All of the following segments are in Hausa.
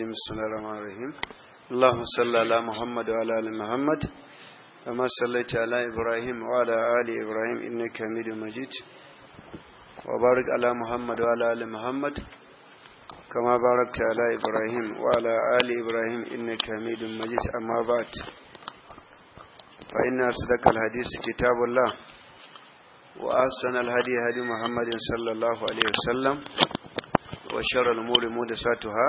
الرجيم بسم الله الرحمن الرحيم اللهم صل على محمد وعلى ال محمد كما صليت على ابراهيم وعلى ال ابراهيم انك حميد مجيد وبارك على محمد وعلى ال محمد كما باركت على ابراهيم وعلى ال ابراهيم انك حميد مجيد اما بعد فان اصدق الحديث كتاب الله وأحسن الهدي هدي محمد صلى الله عليه وسلم وشر الأمور محدثاتها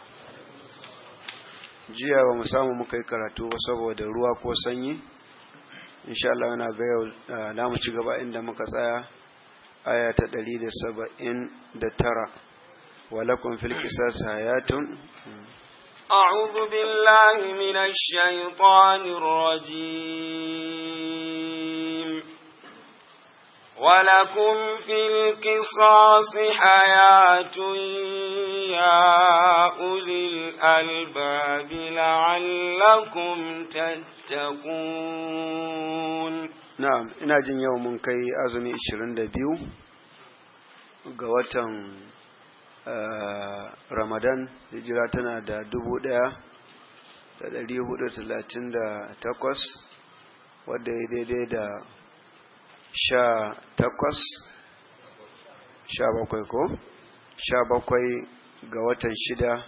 jiya ba mu samu muka yi karatu ba saboda ruwa ko sanyi insha Allah yana ga yau na mu ci gaba inda muka tsaya aya ta 179 walakum fil qisas hayatun أعوذ بالله من الشيطان الرجيم ولكم في القصاص حياة يا أولي الألباب لعلكم تتقون نعم ina jin yau mun kai azumi 22 ga watan Ramadan hijira tana da 1438 wadda ya daidai da sha takwas sha bakwai ko sha bakwai ga watan shida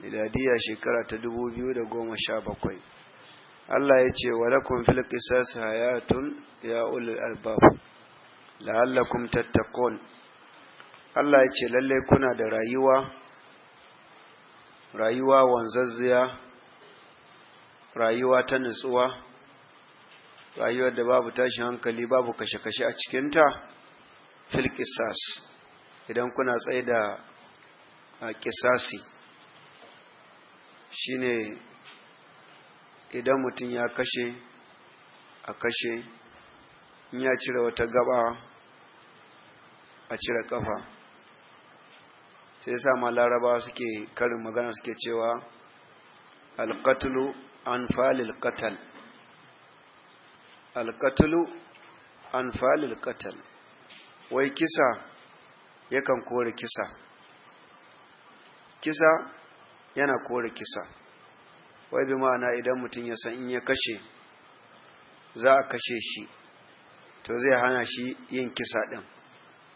miladiya shekara ta dubu biyu da goma sha bakwai Allah ya ce wa lakum fil qisas hayatun ya ulul albab la'allakum tattaqun Allah ya ce lalle kuna da rayuwa rayuwa wanzazziya rayuwa ta nutsuwa rayuwar da babu tashin hankali babu kashe-kashe a cikinta fil kisas idan kuna tsaye da kisasi shine idan mutum ya kashe a kashe in ya cire wata gaba a cire kafa sai sama ma laraba suke karin magana suke cewa alkatulu an falil katal alkatulu an falil katal wai kisa yakan kore kisa kisa yana kore kisa wai bi ma'ana idan mutum ya san in ya kashe za a kashe shi to zai hana shi yin kisa ɗin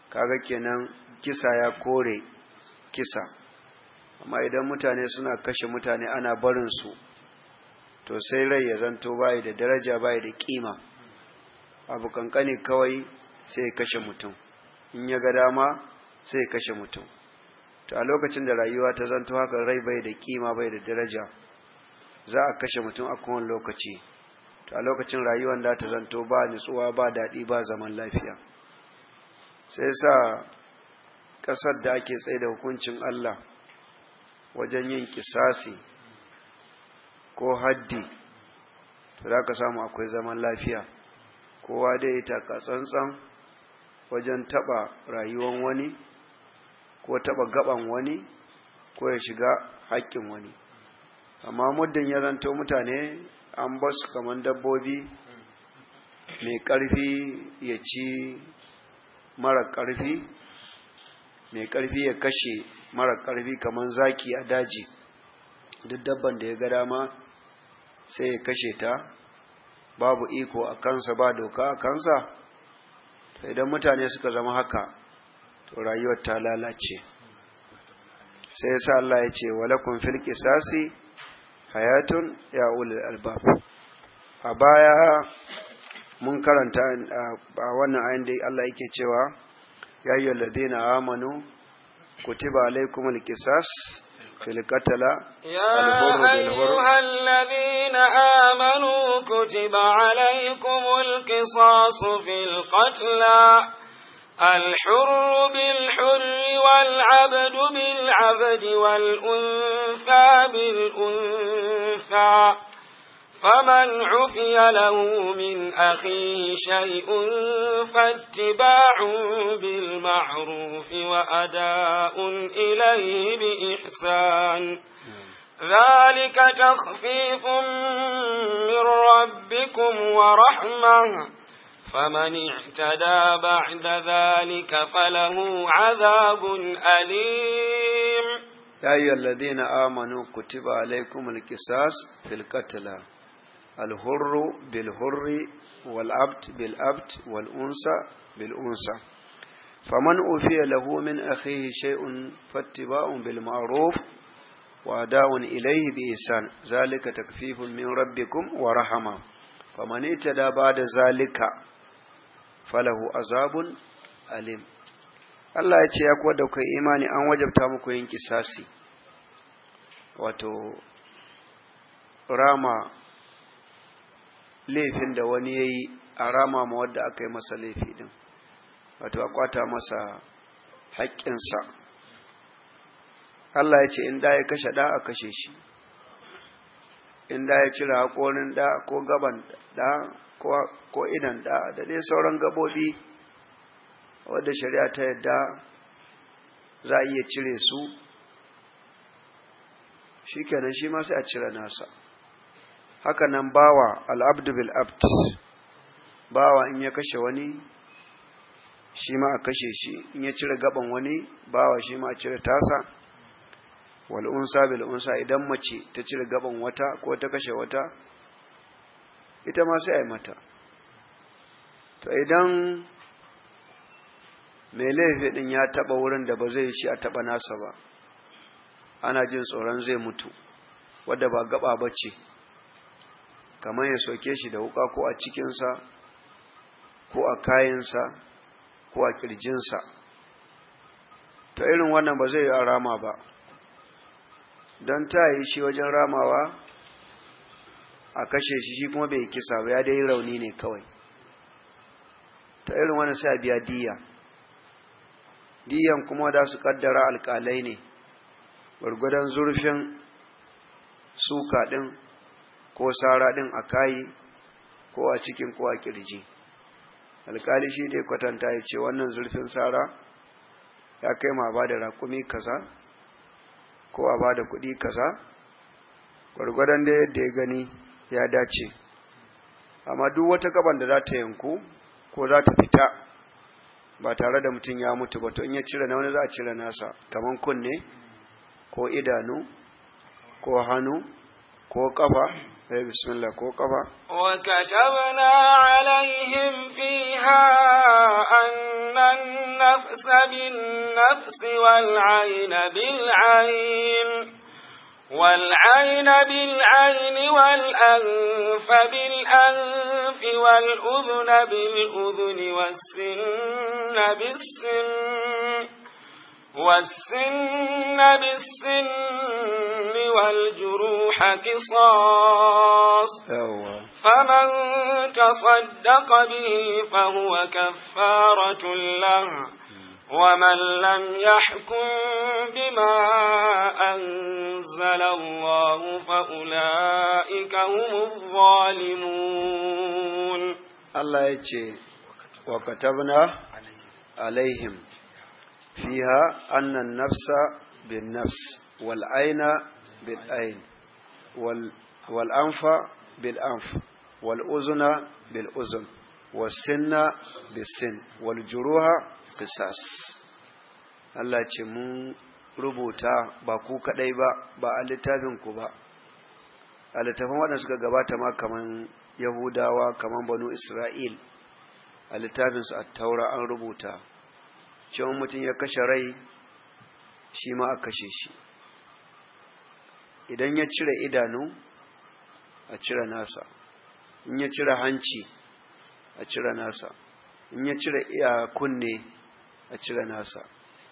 kaga kenan kisa ya kore kisa amma idan mutane suna kashe mutane ana barinsu to sai rai ya zanto bai da daraja bai da kima abu kankani kawai sai kashe mutum in ya ga dama sai kashe mutum to a lokacin da rayuwa ta zanto haka rai bai da kima bai da daraja za a kashe mutum a kowane lokaci to a lokacin rayuwar da ta zanto ba nutsuwa ba daɗi ba zaman lafiya sai sa ƙasar da ake tsaye da hukuncin Allah wajen yin kisasi ko haddi to za ka samu akwai zaman lafiya kowa dai taka tsantsan wajen taɓa rayuwan wani ko taɓa gaban wani ko ya shiga haƙƙin wani amma muddin ya zanto mutane an ba su kamar dabbobi mai ƙarfi ya ci mara ƙarfi mai ƙarfi ya kashe mara ƙarfi kamar zaki a daji duk dabban da ya ga dama sai ya kashe ta babu iko a kansa ba doka a kansa idan mutane suka zama haka to rayuwar ta lalace sai sa Allah ya ce walakun fil qisasi hayatun ya ulul albab a baya mun karanta a wannan ayin da Allah yake cewa ya ayyuhal ladina amanu kutiba alaykumul qisas في القتلى يا أيها الذين آمنوا كتب عليكم القصاص في القتلى الحر بالحر والعبد بالعبد والأنثى بالأنثى فمن عفي له من أخيه شيء فاتباع بالمعروف وأداء إليه بإحسان ذلك تخفيف من ربكم ورحمة فمن اعتدى بعد ذلك فله عذاب أليم يا أيها الذين آمنوا كتب عليكم الكساس في القتلى الحر بالحر والعبد بالعبد والأنثى بالأنثى فمن أوفي له من أخيه شيء فاتباع بالمعروف وأداء إليه بإحسان ذلك تكفيف من ربكم ورحمة فمن اهتدى بعد ذلك فله عذاب أليم Allah ya ce ya kuwa da kai imani an wajabta muku yin kisasi wato rama laifin da wani ya yi a rama ma wadda aka yi masa laifi din wato a kwata masa haƙƙinsa Allah ya ce in da ya kashe da a kashe shi in da ya cire haƙorin da ko gaban da ko idan da da dai sauran gabobi wadda shari'a ta yadda za a iya cire su shi kenan shi ma sai a cire nasa haka nan bawa al'abdu bil abd bawa in ya kashe wani shi ma a kashe shi in ya cire gaban wani bawa shi ma a cire tasa wal'unsa bil'unsa idan mace ta cire gaban wata ko ta kashe wata ita ma sai a yi mata to idan mai laifi ɗin ya taɓa wurin da ba zai shi a taɓa nasa ba ana jin tsoron zai mutu wadda ba gaba ba ce kamar ya soke shi da wuka ko a cikinsa ko a kayansa ko a kirjinsa ta irin wannan ba zai yi a rama ba don ta yi shi wajen ramawa a kashe shi shi kuma bai kisa ba ya dai rauni ne kawai ta irin wannan sai a biya diya diyan kuma da su kaddara alkalai ne gwargwadon zurfin suka ɗin ko sara ɗin a kayi ko a cikin ko a ƙirji alkali shi dai kwatanta ya ce wannan zurfin sara ya kai ma ba da raƙumi kaza ko a ba da kuɗi kaza gwargwadon da yadda ya gani ya dace amma duk wata gaban da za ta yanku ko za ta fita ba tare da mutum ya mutu ba to in ya cire na wani za a cire nasa kamar kunne ko idanu ko hannu ko ƙafa اي بسم الله كوكبا وكتبنا عليهم فيها أن النفس بالنفس والعين بالعين والعين بالعين والأنف بالأنف والأذن بالأذن والسن بالسن والسن بالسن والجروح قصاص فمن تصدق به فهو كفارة له ومن لم يحكم بما أنزل الله فأولئك هم الظالمون الله يجي وكتبنا عليهم فيها أن النفس بالنفس والعين بالعين وال والأنف بالأنف والأذن بالأذن والسن بالسن والجروح قصاص Allah ce mun rubuta ba ku kadai ba ba a littafinku ku ba a littafin waɗanda suka gabata ma kaman Yahudawa kaman Banu Isra'il a littafin su a taura an rubuta cewa mutum ya kashe rai shi ma a kashe shi idan ya cire idanu a cire nasa in ya cire hanci a cire nasa in ya cire kunne a cire nasa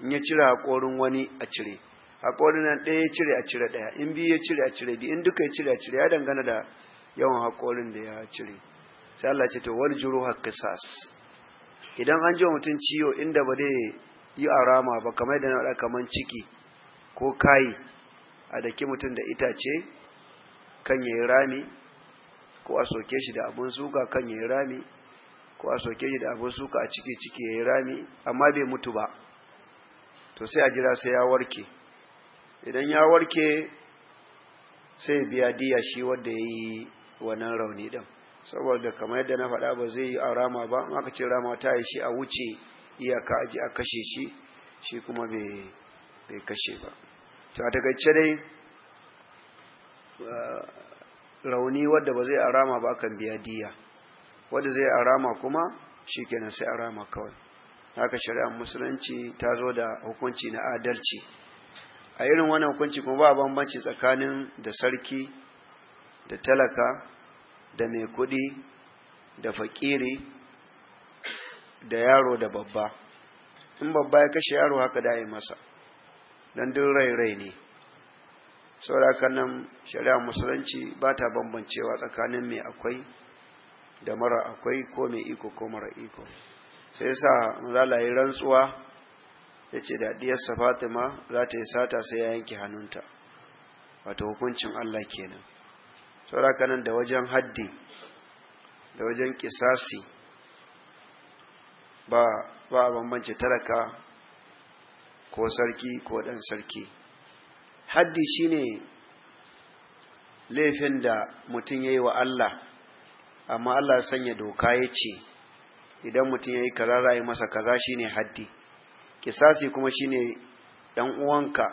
in ya cire haƙorin wani a cire haƙorin nan ɗaya ya cire a cire ɗaya in biyu ya cire a cire biyu in duka ya cire a cire ya dangana da yawan haƙorin da ya cire sai Allah ce to wal juru haqqisas idan an ji mutum ciwo inda ba zai yi arama ba kamar da na kaman ciki ko kai a daki mutum da itace kan yi rami ko a soke shi da abun suka kan yi rami ko a soke shi da abun suka a ciki ciki yayi rami amma bai mutu ba to sai a jira sai ya warke idan ya warke sai biya diya shi wanda yayi wannan rauni din saboda kamar yadda na faɗa ba zai yi a rama ba aka ce rama ta yi shi a wuce iyaka aji a kashe shi shi kuma bai kashe ba to a takaice dai uh, rauni wadda ba zai arama ba kan biya diya wadda zai arama kuma shikenan sai arama kawai haka shari'ar musulunci ta zo da hukunci na adalci a irin wannan hukunci kuma ba bambanci tsakanin da sarki da talaka da mai kudi da fakiri da yaro da babba in babba ya kashe yaro haka da yi masa don duk rai rai ne sauraka nan shari'a musulunci ba ta bambancewa tsakanin mai akwai da mara akwai ko mai iko ko mara iko sai sa mazalayi rantsuwa ya ce da diyarsa fatima za ta yi sata sai ya yanke hannunta wato hukuncin allah kenan sauraka nan da wajen haddi da wajen kisasi ba a bambance taraka ko sarki ko ɗan sarki haddi shine laifin da mutum ya yi wa Allah amma Allah ya sanya doka ya ce idan mutum ya yi kaza za yi masa kaza shine haddi kisasi kuma shine ɗan uwanka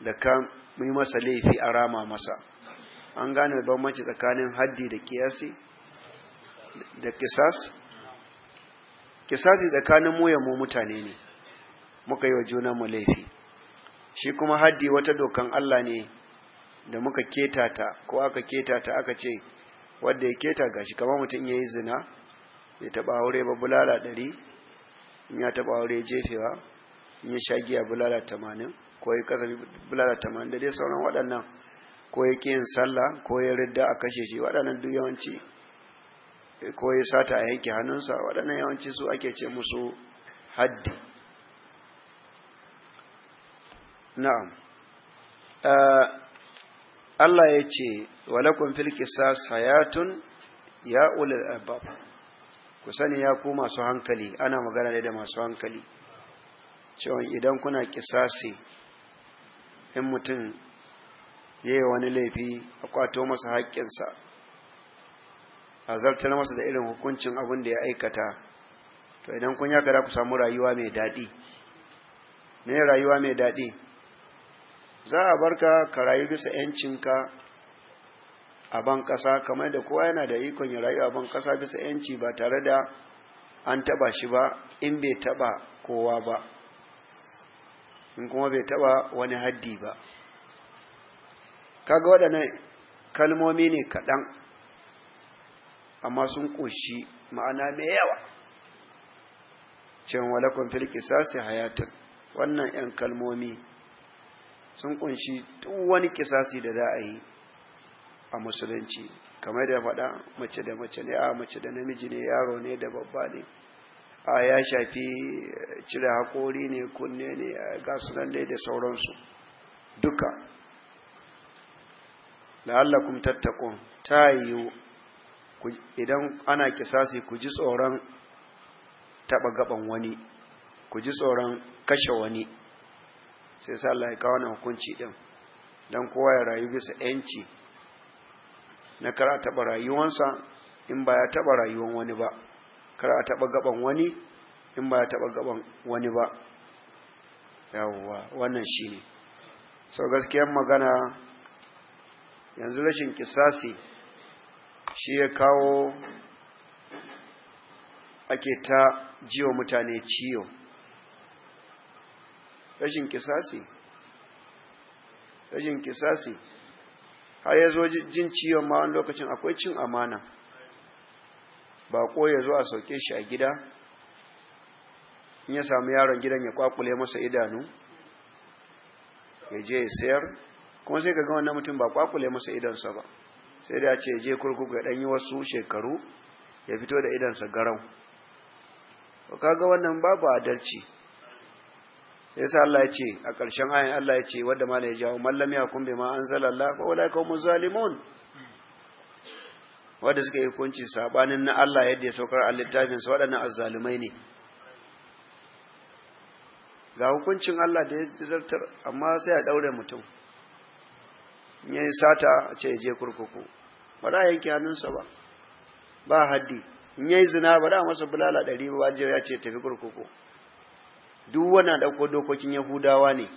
da ka yi masa laifi a rama masa an gane bambanci tsakanin haddi da kiyasi da kisas kisasi tsakanin mu mu mutane ne muka yi wa juna mu laifi shi kuma haddi wata dokan Allah ne da muka keta ta ko aka keta ta aka ce wanda ya keta gashi kamar mutum ya yi zina ya taɓa aure ba bulala ɗari in ya taɓa aure jefewa in ya sha giya bulala tamanin ko ya kasa bulala tamanin da dai sauran waɗannan ko ya ƙi yin sallah ko ya ridda a kashe shi waɗannan duk yawanci ko ya sata a yanke hannunsa waɗannan yawanci su ake ce musu haddi na'am eh, Allah ya ce walakun fil qisas hayatun ya ulul albab ku sani ya ku masu hankali ana magana ne da masu hankali cewa idan kuna kisasi in mutum ya yi wani laifi a kwato masa haƙƙinsa a zartar masa da irin hukuncin abin da ya aikata to idan kun yaka ku samu rayuwa mai daɗi ne rayuwa mai daɗi za a bar ka ka rayu bisa yancinka a ban ƙasa kamar da kowa yana da ikon ya rayu a ban ƙasa bisa yanci ba tare da an taba shi ba in bai taba kowa ba in kuma bai taba wani haddi ba kaga waɗannan kalmomi ne kaɗan amma sun ƙunshi ma'ana mai yawa cewa walakon sa, su hayatun wannan 'yan kalmomi sun kunshi duk wani kisasi da za a yi a musulunci kamar da faɗa mace da mace ne a mace da namiji ne yaro ne da babba ne a ya shafi eh, cire haƙori ne kunne ne nan dai da sauransu duka la'allakum tattakun ta yiwu idan ana kisasi ku ji tsoron taɓa gaban wani ku ji tsoron kashe wani sai sa Allah ya kawo na hukunci ɗin don kowa ya rayu bisa yanci na kara taɓa rayuwansa in ba ya taɓa rayuwan wani ba kara taɓa gaban wani in ba ya taɓa gaban wani ba yawwa wannan shi ne. sau gaskiyar magana yanzu rashin kisasi shi ya kawo ake ta jiwa mutane ciyo rashin kisasi rashin kisasi har ya zo jin ciwon ma lokacin akwai cin amana baƙo ya zo a sauke shi a gida in ya samu yaron gidan ya kwakule masa idanu ya je ya sayar kuma sai ka ga wannan mutum ba kwakule masa idansa ba sai da ce ya je kurkuku ya yi wasu shekaru ya fito da idansa garau ka ga wannan babu adalci yasa Allah ya ce a ƙarshen ayin Allah ya ce wadda ma ya jawo mallam ya ma an zala Allah fa wala kawo zalimun wadda suka yi hukunci sabanin na Allah yadda ya saukar a littafin su waɗannan azzalumai ne ga hukuncin Allah da ya zartar amma sai a ɗaure mutum in yi sata a ce ya je kurkuku ba da yanke hannunsa ba ba haddi in yi zina ba da masa bulala ɗari ba ya ce tafi kurkuku duk wannan ɗauko dokokin yahudawa ne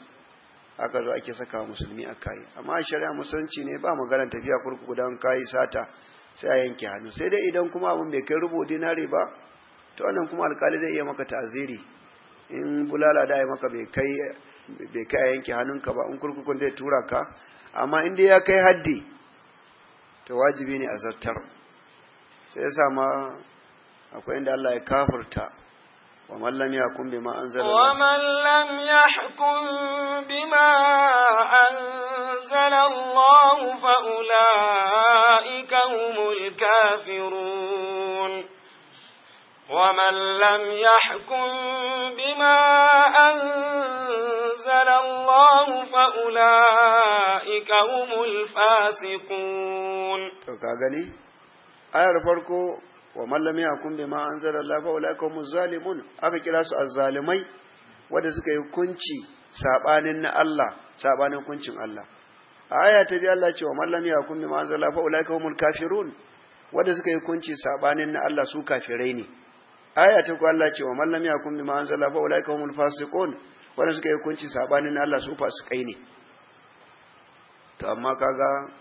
aka zo ake saka musulmi a kayi amma shari'a musulunci ne ba maganar tafiya kurkuku don kayi sata sai a yanke hannu sai dai idan kuma abin bai kai rubo dinari ba to wannan kuma alkali zai iya maka taziri in bulala da ya maka bai kai a yanke hannunka ba in kurkukun zai tura ka amma in dai ya kai haddi to wajibi ne a zartar sai ya sama akwai inda Allah ya kafirta ومن لم يحكم بما أنزل ومن لم يحكم بما أنزل الله فأولئك هم الكافرون ومن لم يحكم بما أنزل الله فأولئك هم الفاسقون. تكاغني آية فرقو wa mallami a yahkum bima anzala Allah fa ulaika humuz zalimun aka kira su azzalimai wanda suka yi kunci sabanin na Allah sabanin kuncin Allah aya ta bi Allah cewa mallami lam yahkum bima anzala fa ulaika humul kafirun wanda suka yi kunci sabanin na Allah su kafirai ne aya ta ku Allah cewa mallami lam yahkum bima anzala fa ulaika humul fasiqun wanda suka yi kunci sabanin na Allah su fasikai ne to amma kaga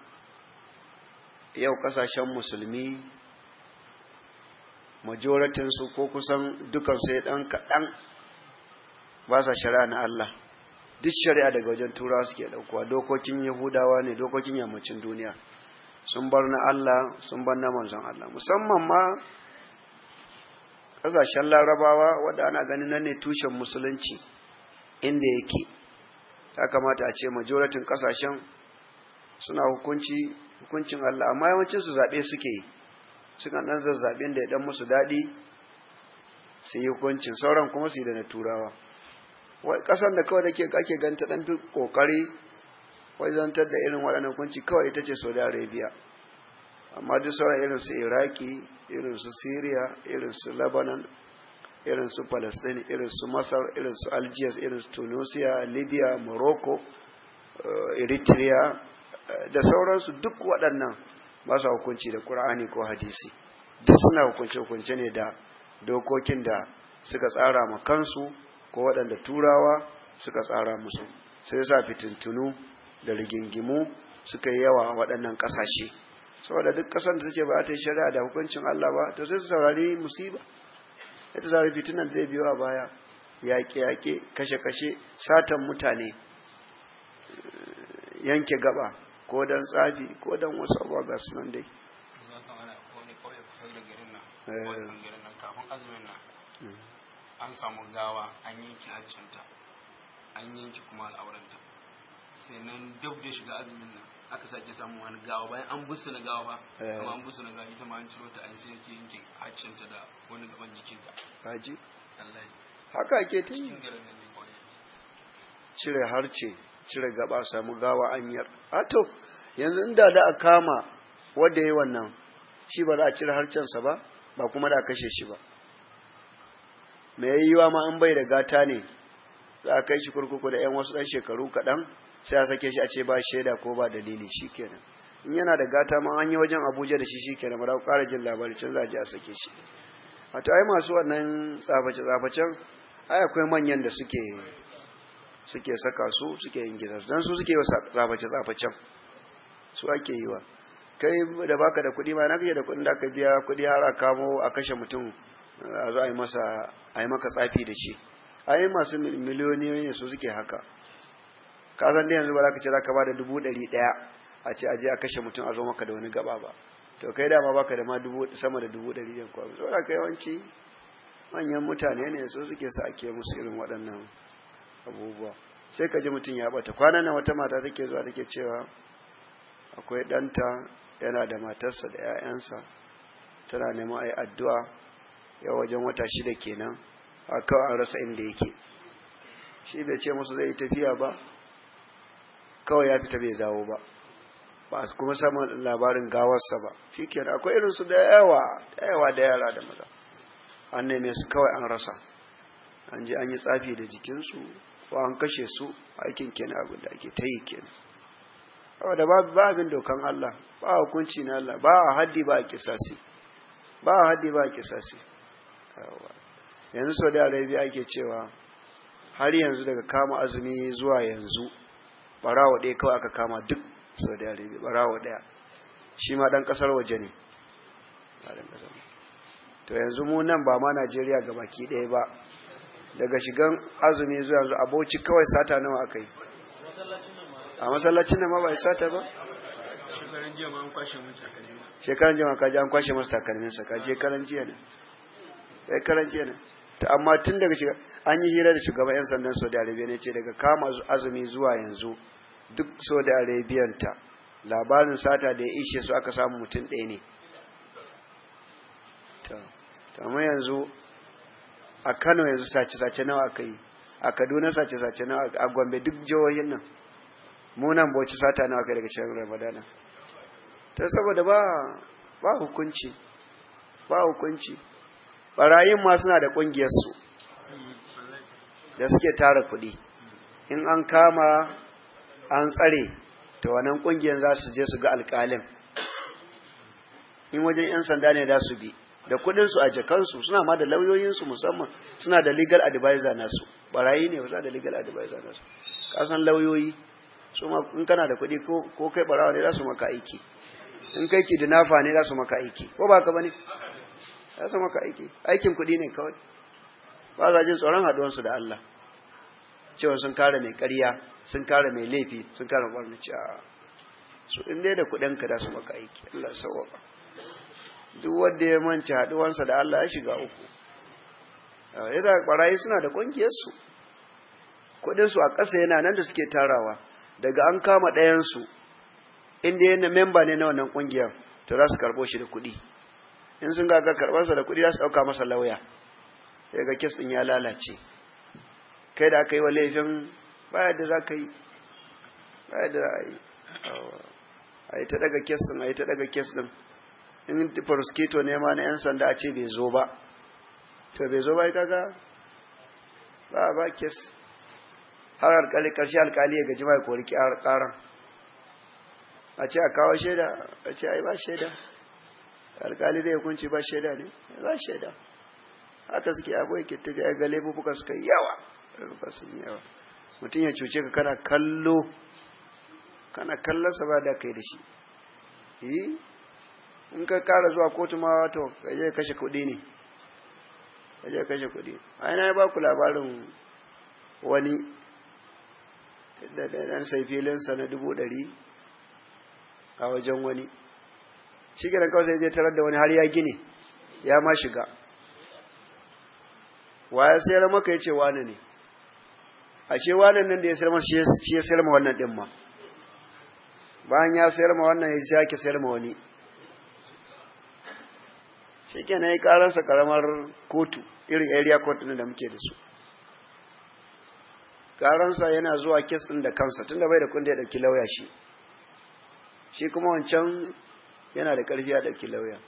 yau kasashen musulmi majoratinsu ko kusan dukan sai dan kaɗan ba sa shari'a na Allah duk shari'a daga wajen tura suke ɗaukowa dokokin yahudawa ne dokokin yammacin duniya sun bar na Allah sun bar na manzon Allah musamman ma ƙasashen larabawa wadda ana ganin nan ne tushen musulunci inda yake ya kamata a ce majoratin ƙasashen suna hukunci hukuncin Allah amma yawancinsu zaɓe suke yi sukan ɗan zazzabin da ya ɗan musu daɗi su yi hukuncin sauran kuma su yi da na turawa wai ƙasar da kawai da ke ake ganta ɗan ƙoƙari wai zantar da irin waɗannan hukunci kawai ita ce saudi arabia amma duk sauran irin su iraki irin su syria irin su lebanon irin su palestine irin su masar irin su algiers irin su tunisia libya morocco eh, eritrea eh, da sauransu duk waɗannan ba su hukunci da ƙur'ani ko hadisi duk suna hukunce-hukunce ne da dokokin da suka tsara ma kansu ko waɗanda turawa suka tsara musu sai sa fitintunu da rigingimu suka yi yawa a waɗannan ƙasashe saboda duk ƙasar da suke ba ta yi shari'a da hukuncin Allah ba to sai su saurari musiba ya su saurari fitinan da zai biyo a baya yaƙe-yaƙe kashe-kashe satan mutane yanke gaba ko dan tsafi ko dan wasu abuwa ga nan dai kafin eh. azumin an samu gawa an yanki hajjanta an yanki kuma al'auranta sai nan duk da shiga azumin nan aka sake samun wani gawa bayan an busu na gawa ba eh. kuma an busu na gawa ita ma an ciro ta an sai yake yankin hajjanta da wani gaban jikinta haji haka ake ta yi cire harce cire gaba samu gawa anyar ato yanzu inda da a kama ya yi wannan shi ba za a cire harcensa ba ba kuma da kashe shi ba me yayiwa ma an bai da gata ne za a kai shi kurkuku da 'yan wasu ɗan shekaru kaɗan sai a sake shi a ce ba shaida ko ba dalili shi kenan in yana da gata ma an yi wajen abuja da shi shi kenan ba za ku ƙara jin labarin can za a je a sake shi to ai masu wannan tsaface-tsafacen ai akwai manyan da suke suke saka su suke yin gidan dan su suke wasa tsaface tsafacen su ake yi wa kai da baka da kuɗi ma na kake da kuɗin da aka biya kuɗi har a kamo a kashe mutum a zo a yi masa a yi maka tsafi da shi ai masu miliyoni ne su suke haka ka san da yanzu ba za ka ce za ka ba da dubu ɗari ɗaya a ce aje a kashe mutum a zo maka da wani gaba ba to kai dama baka da ma dubu sama da dubu ɗari ɗin kuwa saboda ka yawanci manyan mutane ne su suke sa ake musu irin waɗannan abubuwa sai ka ji mutum ya bata kwana nan wata mata take zuwa take cewa akwai ɗanta yana da matarsa da 'ya'yansa tana neman a addu'a ya wajen wata shida kenan a kawai an rasa inda yake shi bai ce musu zai yi tafiya ba kawai ya fita bai dawo ba ba su kuma samun labarin gawarsa ba shi kenan akwai irinsu da yawa da yawa da yara da maza an neme su kawai an rasa an ji an yi tsafi da jikinsu to an kashe su aikin kenan abin da ake ta yi kenan saboda ba abin dokan Allah ba hukunci na Allah ba a haddi ba a kisasi ba a haddi ba a kisasi yanzu saudi arabia ake cewa har yanzu daga kama azumi zuwa yanzu barawa ɗaya kawai aka kama duk saudi arabia barawa ɗaya shi ma ɗan ƙasar waje ne to yanzu mu nan ba ma najeriya gabaki ɗaya ba daga shigan azumi zuwa yanzu a bauchi kawai sata nawa aka yi a masallacin nan ma ba sata ba shekaran jiya kaji an kwashe masu takalminsa kaji shekaran jiya ne eh, karan jiya ne ta amma tun daga shiga an yi hira da shugaban yan sandan saudi arabia ne ce daga kama azumi zuwa yanzu duk saudi arabian ta labarin sata da ya ishe su aka samu mutum ɗaya ne ta amma yanzu a Kano yanzu sace-sace nawa aka yi a Kaduna sace-sace nawa a Gombe duk jihohin nan Munan nan Bauchi sata nawa kai daga shirin Ramadana ta saboda ba ba hukunci ba hukunci barayin ma suna da kungiyar su da suke tara kuɗi in an kama an tsare to wannan kungiyar za su je su ga alƙalin in wajen 'yan sanda ne za su bi da kuɗinsu a jakansu suna ma da lauyoyinsu musamman suna da legal advisor nasu barayi ne suna da legal advisor nasu kasan lauyoyi su ma in kana da kuɗi ko kai barawa ne za su maka aiki in kai ki dinafa ne za su maka aiki ko ba ka bane za su maka aiki aikin kuɗi ne kawai ba za jin tsoron haɗuwansu da Allah cewa sun kare mai ƙarya sun kare mai laifi sun kare ƙwarnaci a su in dai da kuɗinka za su maka aiki Allah sauwaka duk wanda ya manci haduwansa da Allah ya shiga uku eh, yadda barayi suna da ƙungiyarsu kudinsu a ƙasa yana nan da suke tarawa daga an kama ɗayansu inda yana memba ne na wannan ƙungiyar to za su karɓo shi da kuɗi in sun ga karɓarsa da kuɗi za su ɗauka masa lauya sai ga kes ɗin ya lalace kai da aka yi wa laifin baya da za ka yi baya da a yi ta daga kes ɗin a yi ta daga kes ɗin in prosecutor ne na yan sanda a ce bai zo ba to bai zo ba ita ga ba ba kes har alkali karshe alkali ya gaji mai kori karan a ce a kawo shaida a ce ai ba shaida alkali da ya kunci ba shaida ne ba shaida haka suke akwai tafi a gale bubuka suka yawa rufa sun yawa mutum ya cuce ka kana kallo kana kallon sa ba da kai da shi in ka kara zuwa kotu ma to kaje kashe kuɗi ne kaje kashe kuɗi a ina ba ku labarin wani da ɗan sai filinsa na dubu ɗari a wajen wani shi kenan kawai sai je tarar da wani har ya gini ya ma shiga waya sayar maka ya ce wane ne a ce wannan nan da ya sayar masa shi ya sayar ma wannan ɗin ma bayan ya sayar ma wannan ya sake sayar ma wani shi na yi karansa karamar kotu irin area court ɗin da muke da su karansa yana zuwa kes ɗin da kansa tun da bai da kunda ya ɗauki lauya shi shi kuma wancan yana da ƙarfi ya ɗauki lauya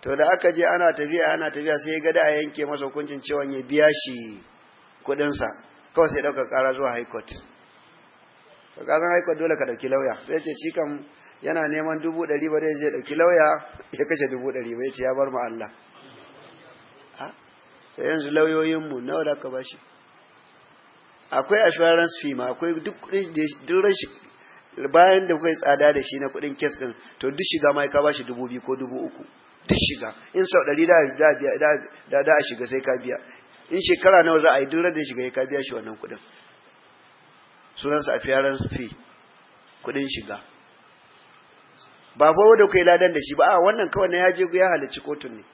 to da aka je ana tafiya ana tafiya sai ya gada a yanke masa hukuncin cewa ya biya shi kuɗinsa kawai sai ɗauka ƙara zuwa high court to high court dole ka ɗauki lauya sai ce shi kan yana neman dubu ɗari ba zai je ɗauki lauya ya kashe dubu ɗari ba ya ce ya bar mu Allah Ta yanzu lauyoyinmu nawa da ka bashi akwai assurance fee ma akwai duk kuɗin da bayan da kuka tsada da shi na kuɗin kes ɗin to duk shiga ma ka bashi dubu biyu ko dubu uku duk shiga in sau ɗari da da a shiga sai ka biya in shekara nawa za a yi duk da shiga ka biya shi wannan kuɗin sunansa a fee kuɗin shiga ba fa wanda kai ladan da shi ba a wannan kawai na yaje ya halicci kotun ne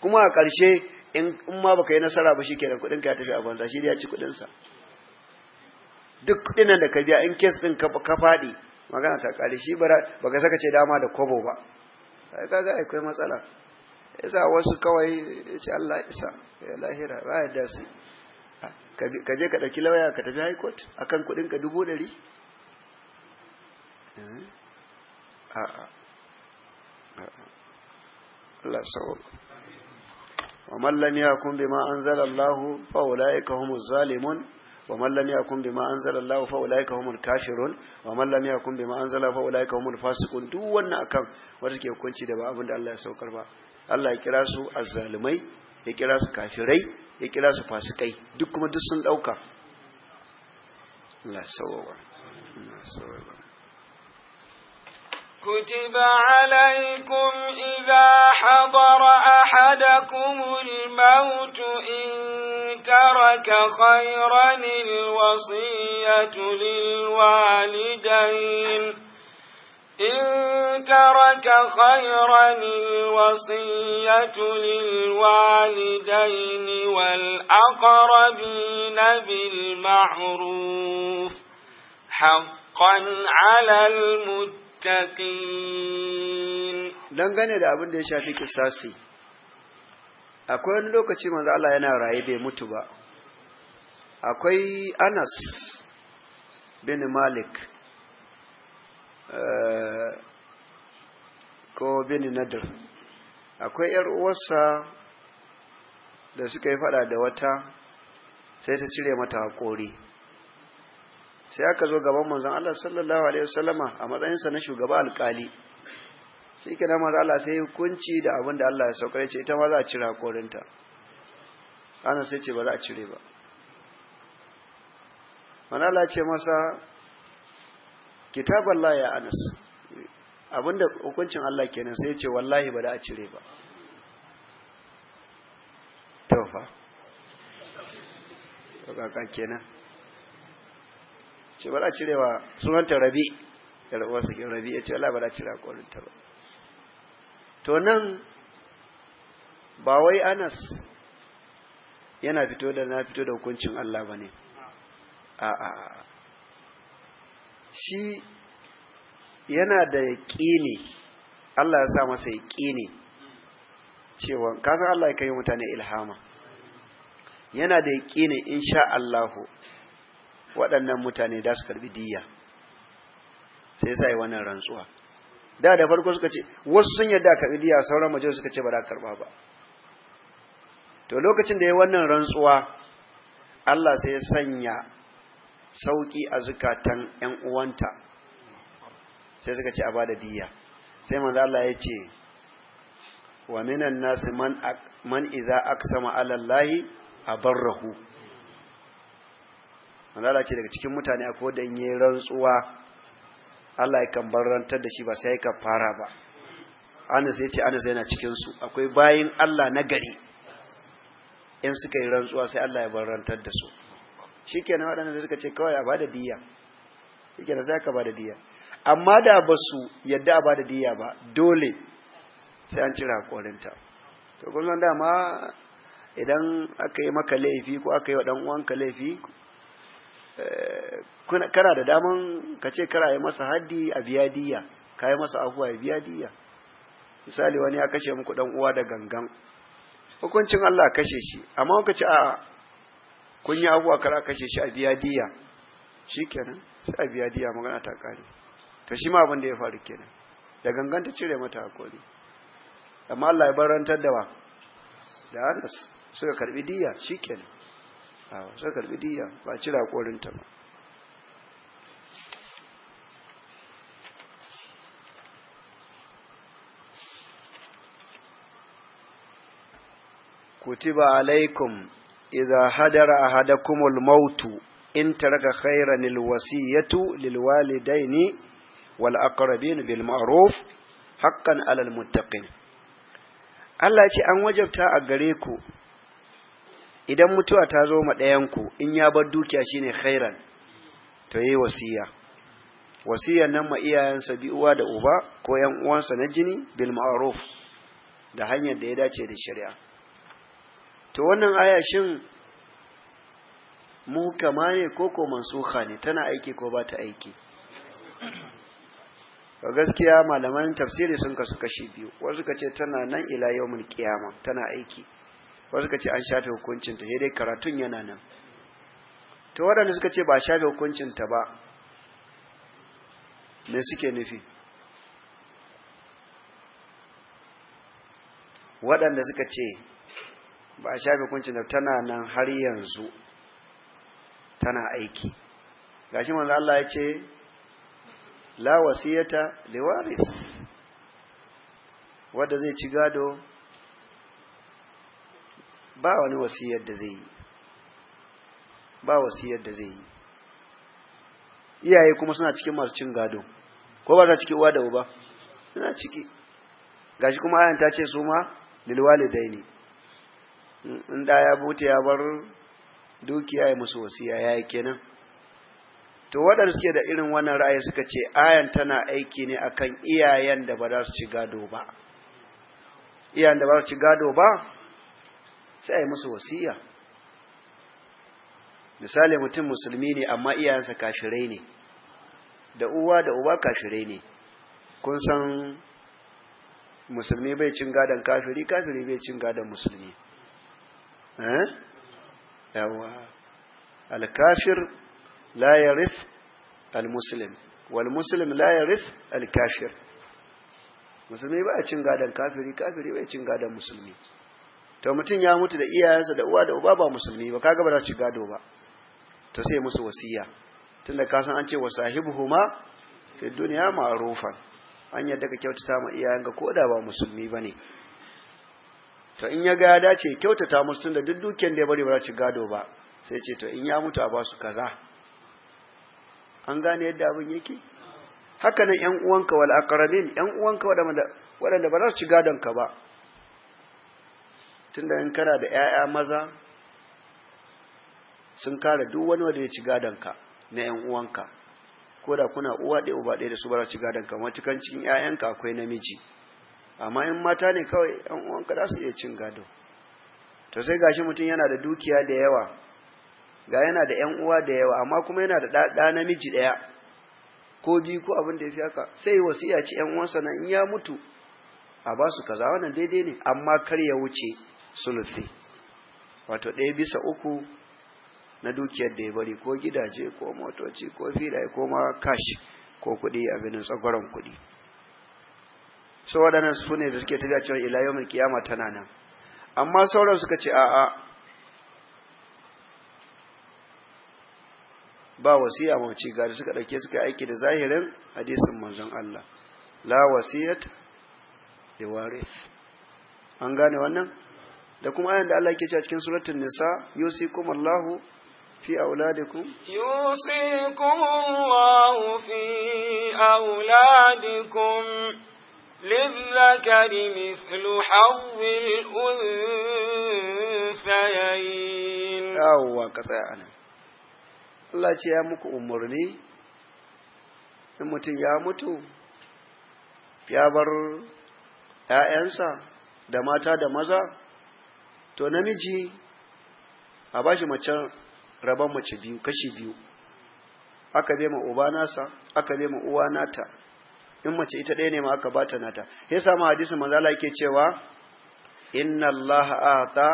kuma a ƙarshe in ma baka yi nasara ba shikenan kuɗin ka tafi a banza shi ya ci kuɗin sa duk kuɗin da ka biya in kes din ka ka faɗi magana ta ƙare shi bara baka saka ce dama da kobo ba ai kaga akwai matsala yasa wasu kawai ce Allah isa ya lahira ba ya dasi ka je ka ɗauki lauya ka tafi high court akan kuɗin ka dubu ɗari Allah sawab wa man lam yakun bima anzala Allah fa ulaika humuz zalimun wa man lam yakun bima anzala Allah fa ulaika humul kafirun wa man lam yakun bima anzala fa ulaika humul fasikun duk wannan akan wata ke hukunci da ba abin da Allah ya saukar ba Allah ya kira su azzalimai ya kira su kafirai ya kira su fasikai duk kuma duk sun ɗauka Allah sawawa Allah sawawa كتب عليكم إذا حضر أحدكم الموت إن ترك خيرا الوصية للوالدين إن ترك خيرا الوصية للوالدين والأقربين بالمعروف حقا على المتقين muttaqin dangane da abin da ya shafi kisasi akwai wani lokaci manzo Allah yana raye bai mutu ba akwai Anas bin Malik eh, ko bin Nadir akwai yar uwarsa da suka yi fada da wata sai ta cire mata haƙori sai aka zo gaban manzon Allah sallallahu alaihi wasallama a matsayinsa na shugaba alkali shi ke nan Allah sai hukunci da abin da Allah ya saukar ce ita ma za a cire korinta ana sai ce ba za a cire ba mana Allah ce masa kitab Allah ya anas da hukuncin Allah kenan sai ce wallahi ba za a cire ba tawfa to kaka kenan ce ba za a cire wa sunanta rabi da rabuwar sakin rabi ya ce ba za a cire kolinta ba to nan ba wai anas yana fito da na fito da hukuncin Allah ba ne a'a shi yana da ne, Allah ya sa masa ne. cewa kasar Allah ya kai mutane ilhama yana da in sha Allahu waɗannan mutane da su karbi diya sai sai wannan rantsuwa da da farko suka ce wasu sun yarda karbi diya sauran majalisar suka ce ba za karba ba to lokacin da ya wannan rantsuwa Allah sai ya sanya sauki a zukatan ƴan uwanta sai suka ce a bada diya sai manzo Allah ya ce wa minan nasi man man idza aqsama ala llahi abarrahu manzala ce daga cikin mutane a wanda in yi rantsuwa Allah ya kan barantar da shi ba sai ka fara ba Anas ya ce Anas yana cikin cikinsu akwai bayin Allah na gari in suka yi rantsuwa sai Allah ya barantar da su shi shikenan waɗanda suka ce kawai a bada diya shikenan sai ka bada diya amma da ba su yadda a bada diya ba dole sai an cira hakorinta to kun dama idan aka yi maka laifi ko aka yi wa ɗan uwanka laifi Eh, kana da daman ka ce kara yi masa haddi a biya diya ka yi masa afuwa ya biya diya misali wani ya kashe muku dan uwa da gangan hukuncin Allah kashe shi amma ka ce a kun yi abuwa kara kashe shi a biya diya kenan sai a biya diya magana ta kare to shi ma abin da ya faru kenan da gangan ta cire mata hakuri amma Allah ya barantar da wa da Anas suka karbi diya kenan. a sai karbi diya ba cira korinta ba kutiba alaikum idza hadara ahadakumul mautu in taraka khairan alwasiyatu lilwalidaini wal aqrabin bil ma'ruf haqqan alal muttaqin Allah ce an wajabta a gare ku idan mutuwa ta zo ma ɗayanku in ya bar dukiya shine khairan to yi wasiya wasiya nan ma iyayensa bi uwa da uba ko yan uwansa na jini bil ma'ruf da hanyar da ya dace da shari'a to wannan aya shin muhkama ne ko ko mansukha ne tana aiki ko ba ta aiki ga gaskiya malaman tafsiri sun kasu kashi biyu wasu ka ce tana nan ila yau qiyama tana aiki wasu suka ce an shafe hukuncinta sai dai karatun yana nan to waɗanda suka ce ba a shafe hukuncinta ba me suke nufi waɗanda suka ce ba a shafe hukuncinta tana nan har yanzu tana aiki gashi manzo Allah ya ce la wasiyata liwaris wanda zai ci gado ba wani wasiyar da zai yi ba wasiyar da zai yi iyaye kuma suna cikin masu cin gado ko ba ta cikin uwa da uba suna ciki gashi kuma ayanta ta ce su ma dai ne? in da ya bute ya bar dukiya ya musu wasiya ya yi kenan to waɗanda suke da irin wannan ra'ayi suka ce ayan tana aiki ne akan iyayen da ba za su ci gado ba iyayen da ba za su ci gado ba sai a yi musu wasiya misali mutum musulmi ne amma iyayensa kashirai ne da uwa da uba kashirai ne kun san musulmi bai cin gadon kafiri kafiri bai cin gadon musulmi eh? yawa alkafir la yarif almuslim walmuslim la yarif alkafir musulmi ba cin gadon kafiri kafiri bai cin gadon musulmi to mutum ya mutu da iyayensa da uwa da uba ba musulmi ba kaga ba za su gado ba to sai musu wasiya tunda ka san an ce wasahibuhuma fi dunya ma'rufan an yadda ka kyautata ma iyayenka ko da ba musulmi bane to in ya ga ya dace kyautata musu tunda duk dukiyar da ya bari ba za su gado ba sai ce to in ya mutu a ba su kaza an gane yadda abin yake haka nan yan uwanka wal aqrabin yan uwanka wadanda ba za su ci gadon ka ba tunda in kana da 'ya'ya maza sun kare duk wani wanda ya ci gadonka na 'yan uwanka ko da kuna uwa ɗaya uba ɗaya da su ba ci gadonka matukan cikin 'ya'yanka akwai namiji amma in mata ne kawai 'yan uwanka za su iya cin gado to sai gashi mutum yana da dukiya da yawa ga yana da 'yan uwa da yawa amma kuma yana da ɗa namiji ɗaya ko biyu ko abin da ya fi haka sai iya ci 'yan uwansa na in ya mutu a ba su kaza wannan daidai ne amma kar ya wuce sulusi wato ɗaya bisa uku na dukiyar da ya bari ko gidaje ko motoci ko filaye ko ma kashi ko kuɗi a binin tsagoron kuɗi so waɗannan su ne da suke tafiya cewa ila yau kiyama tana nan amma sauran suka ce a'a ba wasiya mauci gari suka ɗauke suka aiki da zahirin hadisin manzon Allah la wasiyat da ware an gane wannan da kuma ayan da Allah yake cewa cikin suratun nisa kuma Allahu fi auladikum kuma Allahu fi auladikum للذكر مثل حظ الأنثيين أو كسانا Allah ce ya muku umarni in mutum ya mutu ya bar ‘ya'yansa da mata da maza to namiji a bashi macen rabon mace biyu kashi biyu aka ma uba nasa aka ma uwa nata in mace ita ɗaya ne ma aka bata nata ya samu hadisin manzo yake cewa inna Allah ata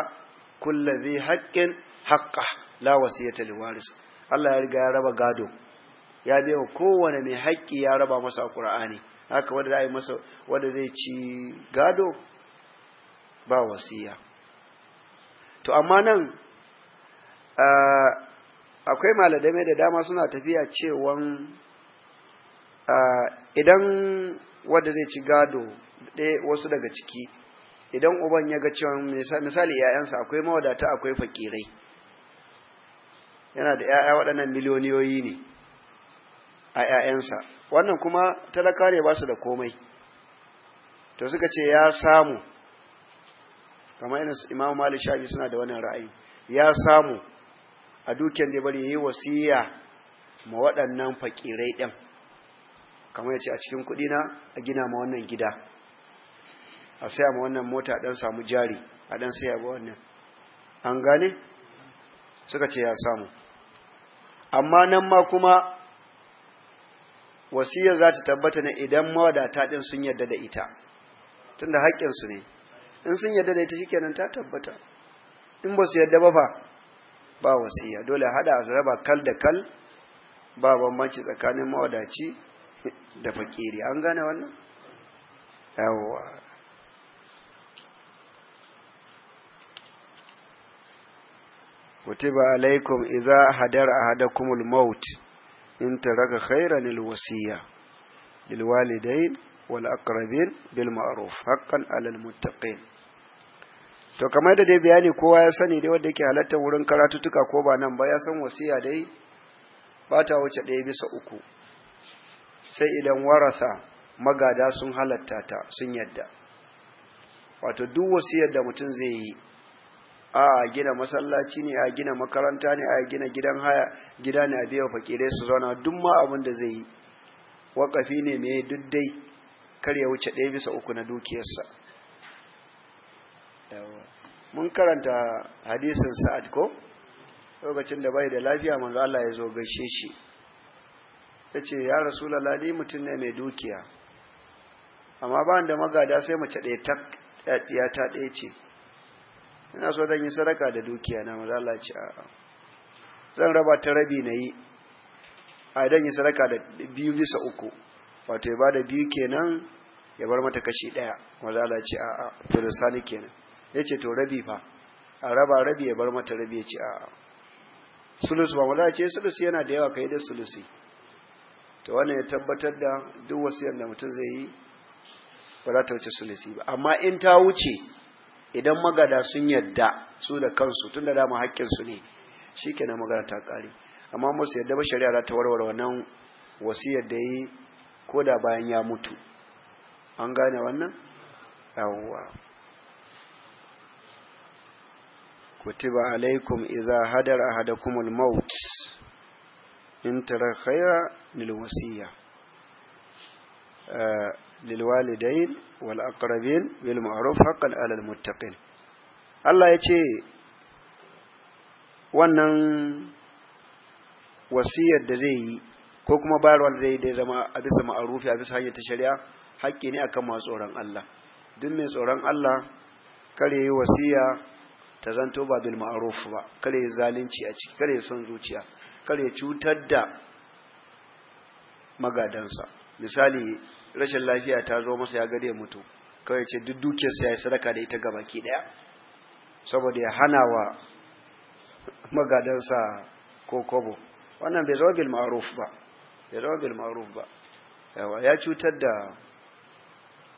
kulli dhi haƙƙin haƙƙa la wasiyata liwaris Allah ya riga ya raba gado ya biya kowane mai haƙƙi ya raba masa a Qur'ani haka wanda zai wanda zai ci gado ba ya. to amma nan akwai maladame da dama suna tafiya cewan idan wanda zai ci gado ɗaya wasu daga ciki idan uban ya ga cewa misali ‘ya'yansa akwai mawadata akwai fakirai yana da ‘ya'ya waɗannan miliyoniyoyi ne a ‘ya'yansa wannan kuma talaka ne ba su da komai to suka ce ya samu kamar yana imamu Malik Shafi suna da wani ra'ayi ya samu a dukiyar da bari yi wasiya ma waɗannan fakirai ɗin kamar ya ce a cikin kuɗi na a gina ma wannan gida a saya ma wannan mota a ɗan samu jari a ɗan saya ba wannan an gane suka ce ya samu amma nan ma kuma wasiyar za ta tabbata na idan mawadata ɗin sun yarda da ita tunda haƙƙinsu ne in sun yarda da ita shikenan ta tabbata in ba su yarda ba fa ba wasiya dole hada a raba kal da kal ba bambanci tsakanin mawadaci da fakiri an gane wannan yawwa kutiba alaikum iza hadar ahadakumul maut in taraka khairan alwasiya lilwalidain والأقربين بالمعروف حقا على المتقين to kamar da dai bayani kowa ya sani dai wanda yake halartar wurin karatutuka ko ba nan ba ya san wasiya dai ba ta wuce ɗaya bisa uku sai idan waratha magada sun halatta ta sun yadda wato duk wasiyar da mutum zai yi a gina masallaci ne a gina makaranta ne a gina gidan haya gida ne a biya fakirai su zauna duk ma abin da zai yi Waƙafi ne mai duk dai kar ya wuce ɗaya bisa uku na dukiyarsa mun karanta hadisin sa'ad ko lokacin da bai da lafiya manzo Allah ya zo gaishe shi ya ce ya rasu ni mutum ne mai dukiya amma ba da magada sai mace ɗaya ta ɗaya ce ina so don yi sadaka da dukiya na manzo Allah ce a'a zan raba ta rabi na yi a dan yi sadaka da biyu bisa uku wato ya ba da biyu kenan ya bar mata kashi ɗaya wanda ala ce a'a filisani kenan ya ce to rabi fa a raba rabi ya bar mata rabi ya ce a'a Sulusu ba wanda ce sulusu yana da yawa ka da sulusi to wannan ya tabbatar da duk wasu yadda mutum zai yi ba za ta wuce sulusi ba amma in ta wuce idan magada sun yadda su da kansu tun da dama su ne shi kenan magana ta ƙare amma musu yadda ba shari'a ta warware wannan wasiyar da yi ko da bayan ya mutu an gane wannan yawwa kutiba alaikum iza hadar ahadakumul maut in tara khaira lil wasiya eh, lil walidain wal aqrabin bil ma'ruf haqqan al muttaqin Allah ya ce wannan wasiyar da zai yi ko kuma bayarwa da zai zama a bisa ma'arufi a bisa hanyar ta shari'a haƙƙi ne akan masu tsoron Allah duk mai tsoron Allah kare yi wasiya ta zanto ba bil ma'aruf ba kare yi zalunci a ciki kare yi son zuciya kare yi cutar da magadansa misali rashin lafiya ta zo masa ya gare mutu kawai ce duk dukiyarsa ya yi sadaka da ita gabaki daya saboda ya hana wa magadansa ko kobo wannan bai zama bil ma'aruf ba ya zama bil ma'ruf ba yawa ya cutar da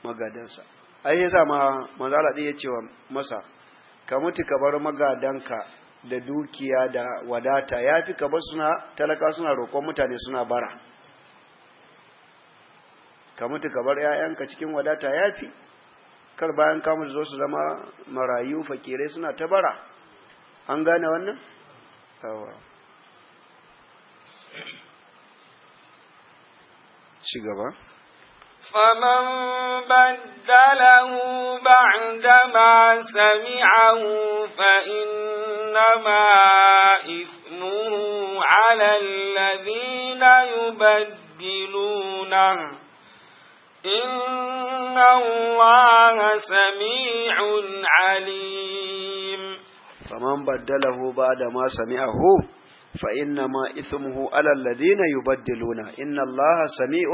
magadansa ai yasa ma manzala ce wa masa ka mutu ka bar magadanka da dukiya da wadata ya fi ka bar suna talaka suna roƙon mutane suna bara ka mutu ka bar 'ya'yanka cikin wadata ya fi kar bayan kamun zo su zama marayu fakirai suna ta bara an gane wannan? ci gaba فمن بدله بعدما سمعه فإنما إثمه على الذين يبدلونه إن الله سميع عليم فمن بدله بعدما سمعه فإنما إثمه على الذين يبدلون إن الله سميع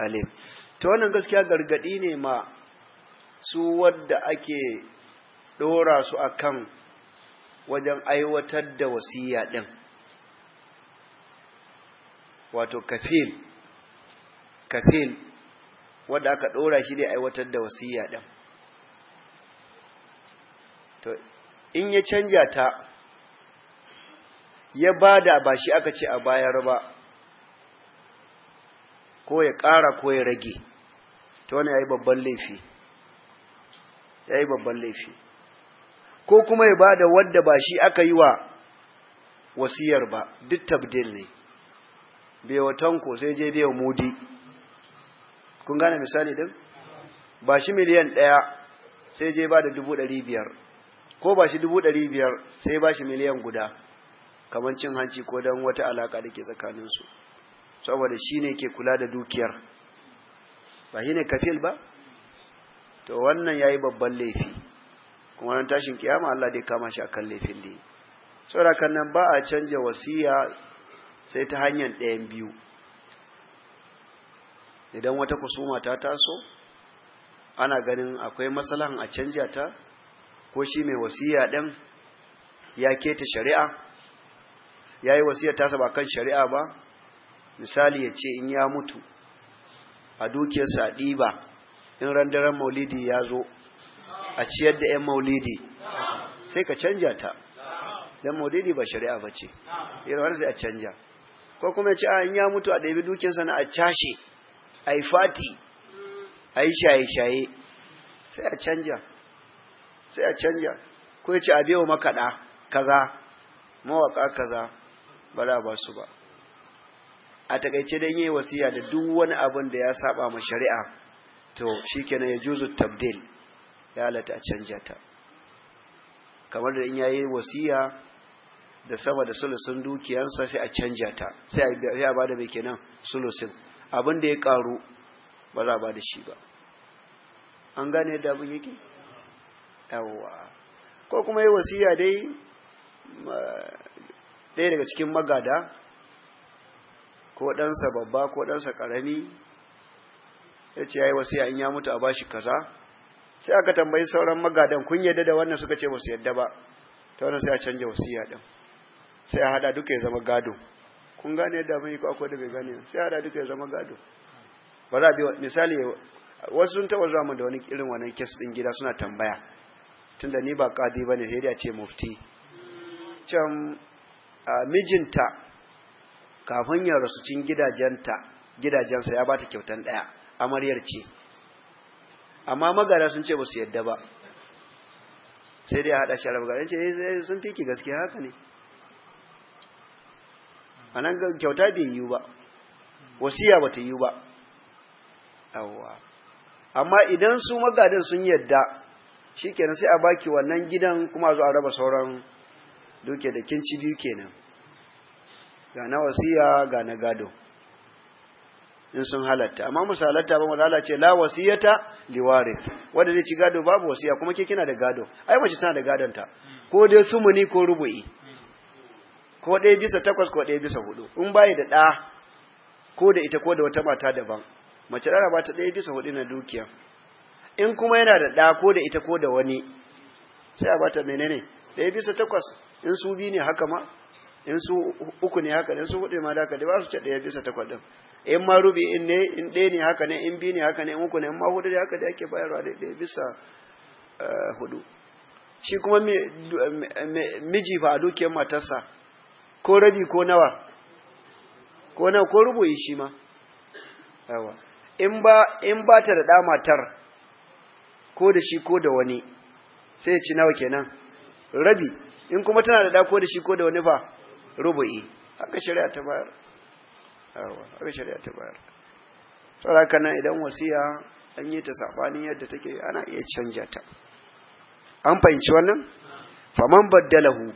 عليم to wannan gaskiya gargadi ne ma su wadda ake dora su akan wajen aiwatar da wasiya din wato kafil kafil wadda aka dora shi ne aiwatar da wasiya din to in ya canja ta ya bada ba shi aka ce a bayar ba ko ya ƙara ko ya rage ta wani ya yi babban laifi ya yi babban laifi ko kuma ya bada wadda ba shi aka yi wa wasiyar ba duk tabdil ne bewa ko sai je bewa mudi kun gane misali din ba shi miliyan ɗaya sai je ba da dubu ɗari biyar ko ba shi dubu ɗari biyar sai ba shi miliyan guda kamar cin hanci ko don wata alaka da ke tsakaninsu saboda shi ne ke kula da dukiyar ba shi ne kafil ba to wannan ya yi babban laifi kuma nan tashin kiyama Allah dai kama shi akan laifin da saboda kan nan ba a canja wasiya sai ta hanyar ɗayan biyu idan wata kusuma ta taso ana ganin akwai maslahan a canja ta ko shi mai wasiya ɗan ya keta shari'a yayi wasiyar tasa ba kan shari'a ba misali ya ce in ya mutu a dukiyarsa a ɗiba in randaren maulidi ya zo a ciyar da 'yan maulidi sai ka canja ta don maulidi ba shari'a ba ce yana wani sai a canja ko kuma ya ce in ya mutu a ɗabi dukiyarsa na a cashe a yi fati a yi shaye-shaye sai a canja sai a canja ko ya ce a biyo makaɗa kaza mawaƙa kaza ba za a ba su ba a takaice dan yi wasiya da duk wani abin da ya saba ma shari'a to shikenan ya juzu tabdil ya halatta a canja ta kamar da in ya yi wasiya da sama da sulusun dukiyansa sai a canja ta sai a bada mai kenan sulusun abin da ya karu ba za a da shi ba an gane da abin yake yawwa ko kuma yi wasiya dai ɗaya daga cikin magada ko ɗansa babba ko ɗansa ƙarami ya ce ya yi wasu in ya mutu a ba shi kaza sai aka tambayi sauran magadan kun yadda da wannan suka ce ba su yadda ba ta wannan sai a canja wasiya din sai a hada duka ya zama gado kun gane yadda mun yi ko akwai daga gane sai a hada duka ya zama gado ba za a bi misali wasu sun taɓa zuwa mu da wani irin wannan kes din gida suna tambaya tunda ni ba kadi ba ne sai da ce mufti can mijinta kafin ya rasu cin gidajenta gidajensa ya bata kyautan daya amaryar ce amma magara sun ce ba su yadda ba sai dai ya haɗa shi a ce eh, eh, sun fiki gaskiya haka ne a nan kyauta bai yiwu ba wasiya ba ta yiwu ba yawwa amma idan su magadin sun yadda shi kenan sai a baki wannan gidan kuma a zo a raba sauran duke da kinci biyu kenan ga na wasiya ga na gado in sun halatta amma misalata ba malala ce la wasiyata liwarith wanda zai ci gado babu wasiya kuma ke kina da gado ai mace tana da gadonta ko dai sumuni ko rubu'i ko ɗaya bisa takwas ko ɗaya bisa hudu in bayi da ɗa ko da ita ko da wata mata daban mace ɗara ba ta ɗaya bisa hudu na dukiya in kuma yana da ɗa ko da ita ko da wani sai a bata menene ɗaya bisa takwas in su biyu ne haka ma in su uku ne haka in su hudu ma da haka ba su ce ɗaya bisa takwas ɗin in ma rubi in ne in ɗaya ne haka ne in biyu ne haka ne in uku ne in ma hudu ne haka da ake bayarwa da ɗaya bisa eh, hudu shi kuma miji fa a dukiyar matarsa ko rabi ko nawa ko nawa ko rubuyi shi ma yawa in ba in ba ta da matar ko da shi ko da wani sai ya ci nawa kenan rabi in kuma tana da dako da shi ko da wani ba rubu'i haka shari'a ta bayar haka shari'a ta bayar saboda haka nan idan wasiya an yi ta sabanin yadda take ana iya canja ta an fahimci wannan faman baddalahu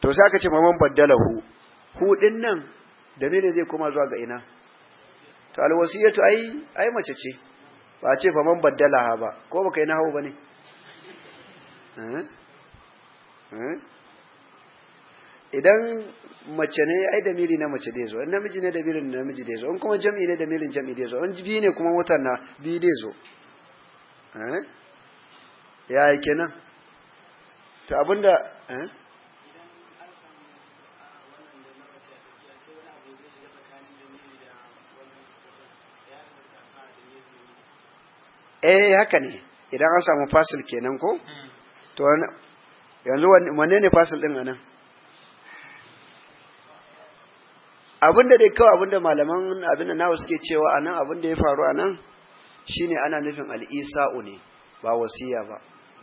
to sai aka ce faman baddalahu hu din nan Da ne zai koma zuwa ga ina to alwasiyatu ai ai mace ce ba a ce faman baddalaha ba ko baka yi nahawu bane eh Hmm? idan mace ne ai da miri na mace dai zo in namiji ne da mirin namiji dai zo in kuma jami'i ne da mirin jami'i dai zo in biyu ne kuma watan na biyu dai zo hmm? ya yi kenan ta abinda hmm? eh haka ne idan an samu fasil kenan ko to yanzu wanne ne fasil din anan da dai kawai da malaman abin da nawa suke cewa anan da ya faru anan shine ana nufin al-isa'u ne ba wasiya ba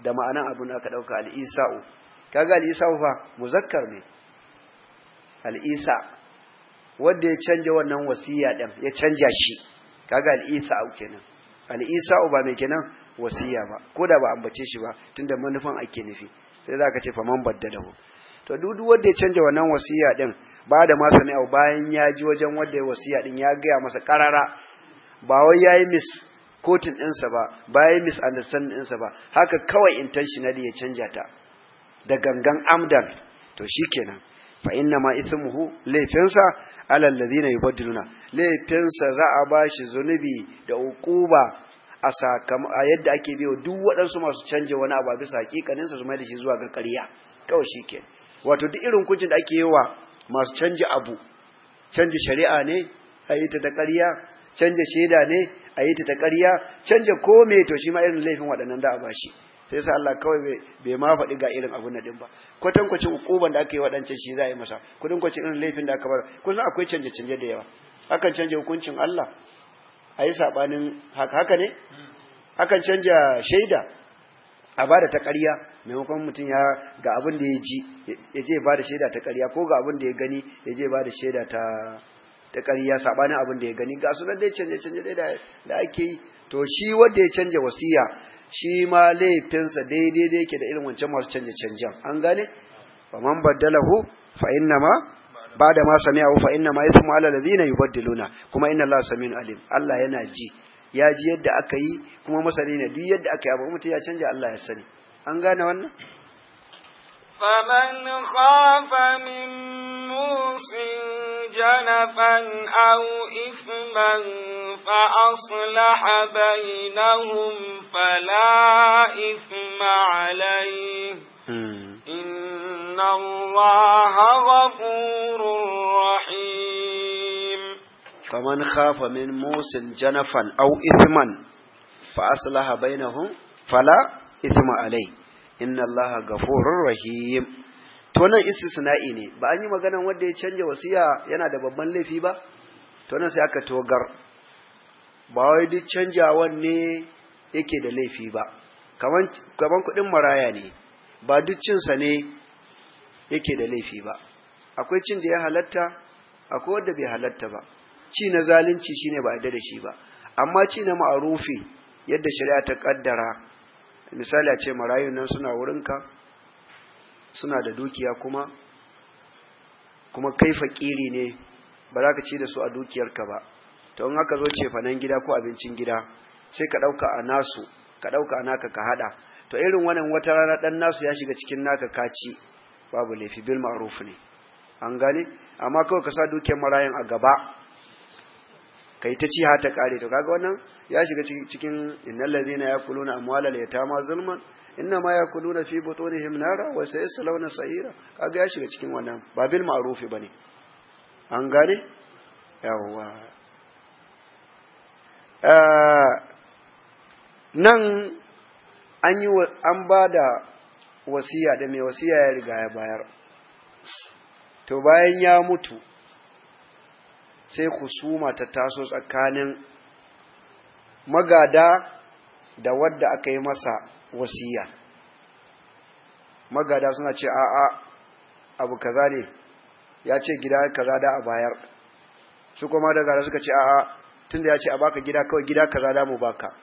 da ma'anan abin da aka dauka al-isa'u kaga al-isa'u fa muzakkar ne al-isa wanda ya canja wannan wasiya din ya canja shi kaga al-isa'u kenan al-isa'u ba mai kenan wasiya ba ko da ba ambace shi ba tunda manufan ake nufi sai za ka ce faman baddalahu to duk wanda ya canja wannan wasiya din ba da masa ne bayan ya ji wajen wanda ya wasiya din ya gaya masa karara ba wai yayi mis kotin ɗinsa ba ba yayi mis din ɗinsa ba haka kawai intentionally ya canja ta da gangan amdan to shikenan fa inna ma ithmuhu laifinsa alal ladina yubaddiluna laifinsa za a bashi zunubi da uquba a sakam a yadda ake biyo duk waɗansu masu canje wani abu bisa hakikanin sa su mai da shi zuwa ga ƙarya kawai ke. wato duk irin kujin da ake yi wa masu canje abu canje shari'a ne a yi ta ta ƙarya canje shaida ne a yi ta ta ƙarya canje ko me to shi ma irin laifin waɗannan da a bashi sai sa Allah kawai bai ma faɗi ga irin abun nan ba kwatan kwacin ukuban da aka yi waɗancan shi za a yi masa kudin kwacin irin laifin da aka bar kusan akwai canje canje da yawa akan canje hukuncin Allah a yi saɓanin haka ne hakan canja shaida a ba da ta ƙarya maimakon mutum ya ga abin da ya ji ya je ba da shaida ta ƙarya ko ga abin da ya gani ya je ba da shaida ta ta ƙarya saɓanin abin da ya gani ga sunan ya canje canje dai da ake yi to shi wanda ya canja wasiya shi ma laifinsa daidai da yake da irin wancan masu canje canjen an gane faman baddalahu fa ba da ma sami'ahu fa inna ma ithmu ala alladhina yubaddiluna kuma inna allaha samiun alim Allah yana ji ya ji yadda aka yi kuma masani ne duk yadda aka yi abu mutum ya canja Allah ya sani an gane wannan faman موس جنفا أو إثما فأصلح بينهم فلا إثم عليه hmm. إن الله غفور رحيم فمن خاف من موس جنفا أو إثما فأصلح بينهم فلا إثم عليه إن الله غفور رحيم to nan istisna'i ne ba an yi magana wanda ya canja wasiya yana da babban laifi ba to nan sai aka togar ba wai duk canjawan ne yake da laifi ba kaman kuɗin maraya ne ba duk cinsa ne yake da laifi ba akwai cin da ya halatta akwai wanda bai halatta ba ci na zalunci shine ba da shi ba amma ci na ma'arufi yadda shari'a ta kaddara misali a ce marayun nan suna wurinka suna da dukiya kuma kuma kai fakiri ne ba za ka ci da su a dukiyarka ba to in aka zo nan gida ko abincin gida sai ka ɗauka a nasu ka ɗauka a naka ka haɗa to irin wannan wata rana ɗan nasu ya shiga cikin naka kaci babu laifi bil ma'ruf ne an gane amma kawai ka sa dukiyar marayan a gaba kai ta ci har ta kare to kaga wannan ya shiga cikin innal ladina yakuluna amwalal yatama zulman inna ma yakuluna fi butunihim nara wa sayasluna sa'ira kaga ya shiga cikin wannan ba bil ma'rufi bane an gane yawa ah, nan an yi an bada wasiya da mai wasiya ya riga ya bayar to bayan ya mutu sai kusuma ta taso tsakanin magada da wadda aka yi masa wasiya magada suna ce a'a abu kaza ne ya ce gida kaza da a bayar su kuma gara suka ce a'a tunda ya ce a baka gida kawai gida kaza da mu baka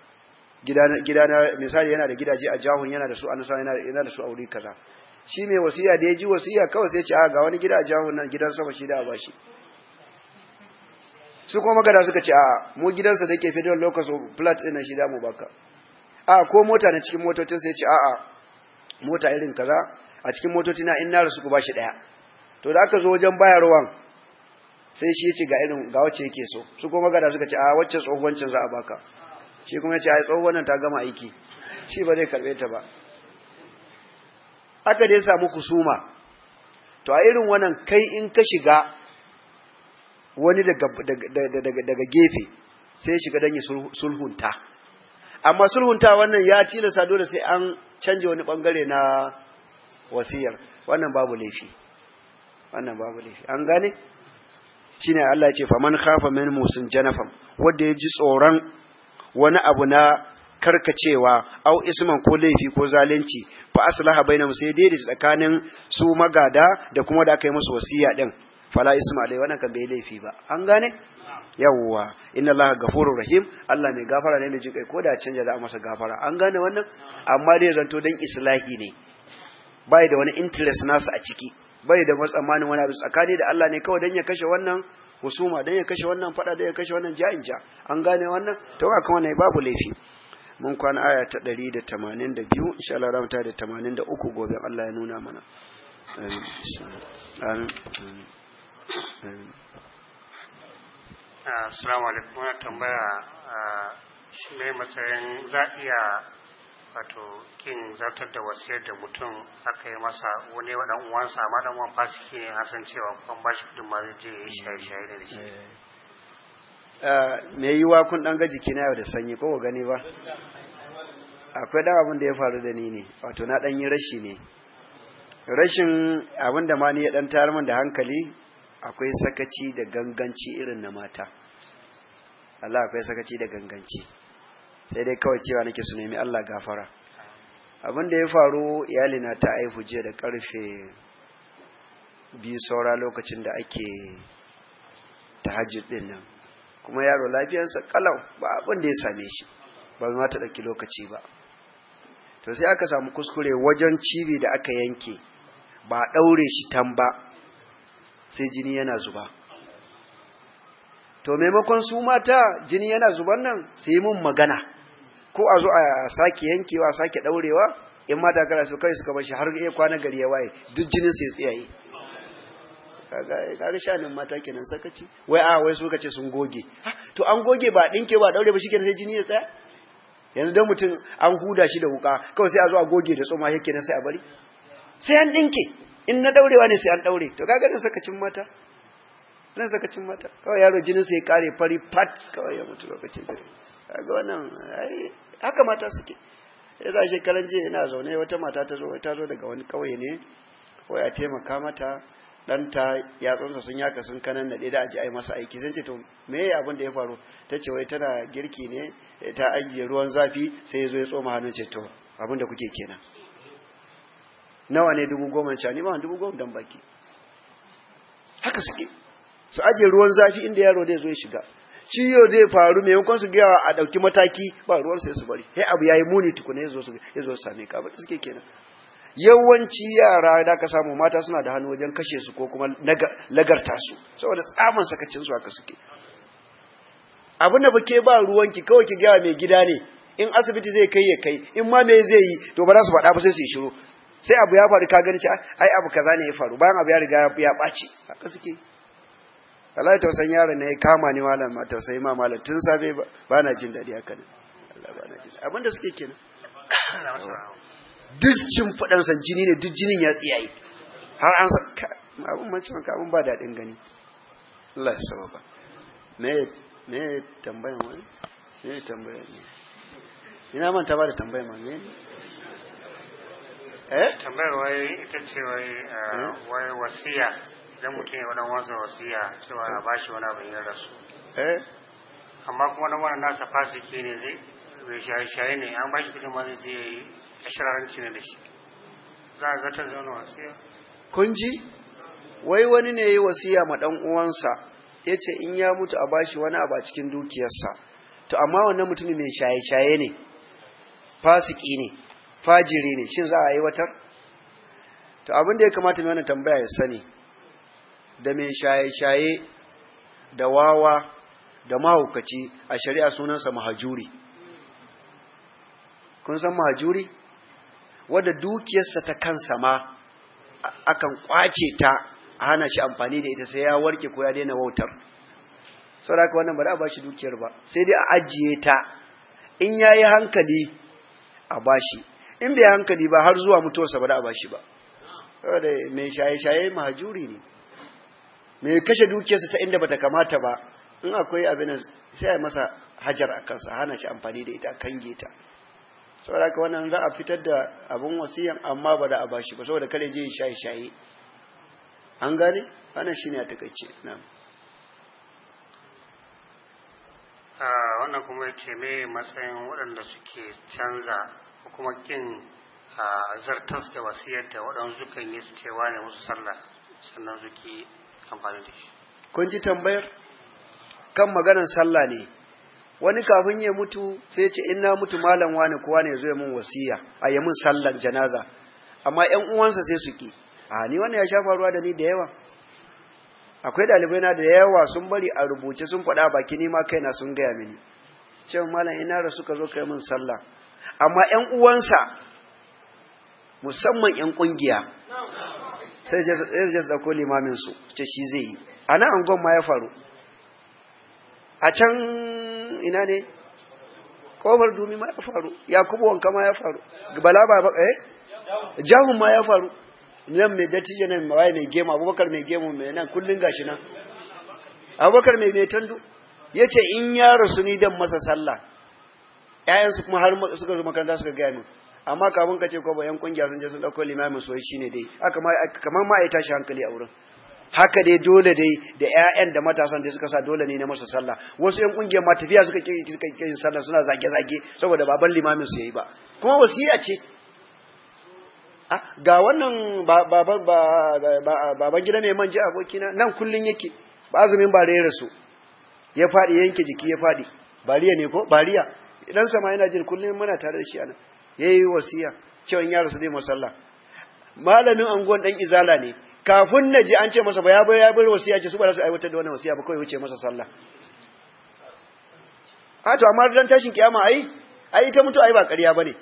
gida na misali yana da gidaje a jahun yana da su a nasa yana da su a wuri kaza shi mai wasiya da ya ji wasiya kawai sai ce a ga wani gida a jahun nan gidan sama shi da a bashi su kuma magada suka ce a mu gidansa da ke federal local flat ɗin shi da mu baka a ko mota na cikin motocin sai ce a'a mota irin kaza a cikin motoci na in na rasu ku shi daya to da aka zo wajen bayarwan sai shi ya ce ga irin ga wacce yake so su kuma gada suka ce a wacce tsohuwancin za a baka shi kuma ya ce ai tsohuwan nan ta gama aiki shi ba zai karbe ta ba aka dai samu kusuma to a irin wannan kai in ka shiga wani daga gefe sai shiga don ya sulhunta amma sulhunta wannan ya tilasta dole sai an canje wani bangare na wasiyar wannan babu laifi wannan babu laifi an gane shine Allah ya ce faman khafa min musun janafam wanda ya ji tsoron wani abu na karkacewa au isman ko laifi ko zalunci fa aslaha bainahum sai daidaita tsakanin su magada da kuma da aka yi musu wasiya din fala isma dai wannan kan bai laifi ba an gane yawwa inna allaha ghafurur rahim Allah mai gafara ne mai jin koda canja za a masa gafara an gane wannan amma dai zanto dan islahi ne bai da wani interest nasa a ciki bai da tsammanin wani abu tsakani da Allah ne kawai dan ya kashe wannan husuma dan ya kashe wannan fada dan ya kashe wannan ja'in ja an gane wannan to kuma ne babu laifi mun kwana aya ta 182 insha Allah ramta da 83 gobe Allah ya nuna mana amin amin Ah, assalamu alaikum wani tambaya ah, shi mai matsayin za iya wato kin zartar da wasiyar da mutum aka yi masa wani waɗan uwansa amma dan wani fasi ke an san cewa kun ba shi kudin ma zai je shaye shaye da shi eh. ah, me wa kun ɗan ga kina yau da sanyi ko gani ba akwai ɗan abin da ya faru da ni ne wato na ɗan yi rashi ne rashin abin da ma ni ya ɗan tarimin min da hankali akwai sakaci da ganganci irin na mata Allah akwai sakaci da ganganci sai dai kawai cewa nake su nemi Allah gafara abin da ya faru iyali na ta aihu jiya da karfe biyu saura lokacin da ake tahajjud din nan kuma yaro lafiyarsa kalau ba abin da ya same shi ba ma ta ɗauki lokaci ba to sai aka samu kuskure wajen cibi da aka yanke ba a ɗaure shi tan sai jini yana zuba to maimakon su mata jini yana zuban nan su yi mun magana ko a zo a sake yankewa a sake ɗaurewa, in mata kara su kai suka bashi har iya kwana gari ya waye duk jinin sai tsiyaye kaga kaga shanin mata kenan sakaci wai a wai suka ce sun goge ah, to an goge ba ɗinke ba ɗaure ba kenan sai jini ya tsaya yanzu don mutum an huda shi da wuka kawai sai a zo a goge da tsoma yake nan sai a bari sai an ɗinke. in na daurewa ne sai an daure to kaga nan sakacin mata nan sakacin mata kawai yaro jinin sai ya kare fari pat kawai ya mutu lokacin da kaga wannan ai haka mata suke yasa shekaran jiya ina zaune wata mata ta zo ta zo daga wani kauye ne waya taimaka mata ɗanta yatsunsa sun yaka sun kanan naɗe da aji ai masa aiki zan ce to me ya abin da ya faru ta ce wai tana girki ne ta ajiye ruwan zafi sai ya zo ya tsoma hannun ce to abin da kuke kenan nawa ne dubu goma ca ni ma dubu goma don baki haka suke su aje ruwan zafi inda yaro zai zo ya shiga ciyo zai faru mai su gawa a ɗauki mataki ba ruwan sai su bari sai abu yayi muni tukuna ya zo su ya same suke kenan yawanci yara da ka samu mata suna da hannu wajen kashe su ko kuma lagarta su saboda tsaman sakacin su haka suke abin da bake ba ruwanki kawai ki gawa mai gida ne in asibiti zai kai ya kai in ma me zai yi to ba za su faɗa ba sai su yi shiru sai abu ya faru ka gani ce ai abu kaza ne ya faru bayan abu ya riga ya ɓaci haka suke Allah ya tausayin yaron ne ya kama ni malam ma tausayi ma malam tun safe ba na jin daɗi haka ne Allah ba na jin abin da suke kenan duk cin faɗan san jini ne duk jinin ya tsiyaye har an san abin man maka abin ba daɗin gani Allah ya saba ba me me tambayan wani me tambayan ne ina manta ba da tambayan wani ne eh tambayar ita ce eh, hmm? wai wasiya idan mutum ya wani wasa wasiya cewa a bashi wani abin ya rasu eh? amma kuma na wani nasa fasiki ne zai bai shaye-shaye ne an shi kudin wani zai je ya yi ashiraranci ne da shi za a zata da wani wasiya kun ji wai wani ne ya yi wasiya ma dan uwansa ya ce in ya mutu a bashi wani abu a cikin dukiyarsa to amma wannan mutumin mai shaye-shaye ne fasiki ne fajiri ne shin za a aiwatar to abin da ya kamata mai wannan tambaya ya sani da mai shaye-shaye da wawa da mahaukaci a shari'a sunansa mahajuri kun san mahajuri wadda dukiyarsa ta kansa ma akan kwace ta a hana shi amfani da ita sai ya warke ko ya daina wautar da haka wannan ba za a bashi dukiyar ba sai dai a ajiye ta in ya yi hankali a bashi in bai hankali ba har zuwa mutuwarsa ba da a bashi ba saboda mai shaye-shaye mahajuri ne mai kashe dukiyarsa ta inda bata kamata ba in akwai abin sai a masa hajar a kansa hana shi amfani da ita kan geta saboda haka wannan za a fitar da abin wasiyan amma ba da a bashi ba saboda kare je shaye-shaye an gane wannan shine a takaice na'am ah, wannan kuma ya ce matsayin waɗanda suke canza kuma kin zartas da wasiyarta waɗansu kan yi su cewa ne musu sallah sannan suke amfani da shi kun ji tambayar kan maganar sallah ne wani kafin ya mutu sai ce in na mutu malam wani kowa ne zai mun wasiya a yi mun sallan janaza amma 'yan uwansa sai su ki a ni wannan ya sha faruwa da ni da yawa akwai ɗalibai na da yawa sun bari a rubuce sun faɗa baki ni ma kaina sun gaya mini cewa malam ina rasu ka zo ka yi min sallah amma ‘yan uwansa musamman ‘yan ƙungiya sai jas ko limaminsu ce shi zai yi a nan angon ma ya faru a can ina ne ƙofar dumi ma ya faru yakubu wanka ma ya faru bala ba ba eh jahun ma ya faru nan mai dattijo nan mai mai gemu abubakar mai gemu mai nan kullum gashi nan abubakar mai mai tando ya ce in ya rasu ni dan masa sallah ƴaƴansu kuma har suka zo makaranta suka gaya min amma kafin ka ce ko ba yan kungiya sun je sun dauko limamin soyayya shine dai haka ma kamar ma tashi hankali a wurin haka dai dole dai da ƴaƴan da matasan da suka sa dole ne na masa sallah wasu ƴan kungiyar ma tafiya suka ke suka ke sallah suna zage zage saboda baban limamin su yayi ba kuma wasiya ce ga wannan baban baban gida mai manje abokina nan kullun yake ba azumin ba rera su ya fadi yanke jiki ya fadi bariya ne ko bariya ɗansa ma yana jin kullum muna tare da shi anan yayi wasiya cewa ya rasu zai masalla malamin anguwan dan izala ne kafin na ji an ce masa ba ya bar ya bar wasiya ce su ba su aiwatar da wannan wasiya ba kawai wuce masa sallah a to amma dan tashin kiyama ai ai ita mutuwa ai ba ƙarya bane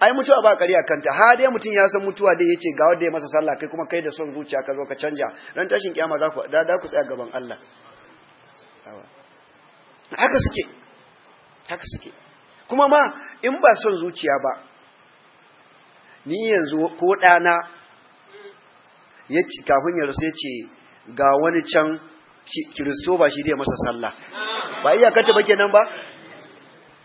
ai mutuwa ba ƙarya kanta Ha dai mutun ya san mutuwa dai yace ga wanda ya masa sallah kai kuma kai da son zuciya ka zo ka canja dan tashin kiyama za ku da ku tsaya gaban Allah haka suke haka suke kuma ma in ba son zuciya ba ni yanzu ko ɗana ya ci kafin ya rasu ya ce ga wani can kiristo ba shi ya masa sallah ba kacce ba kenan ba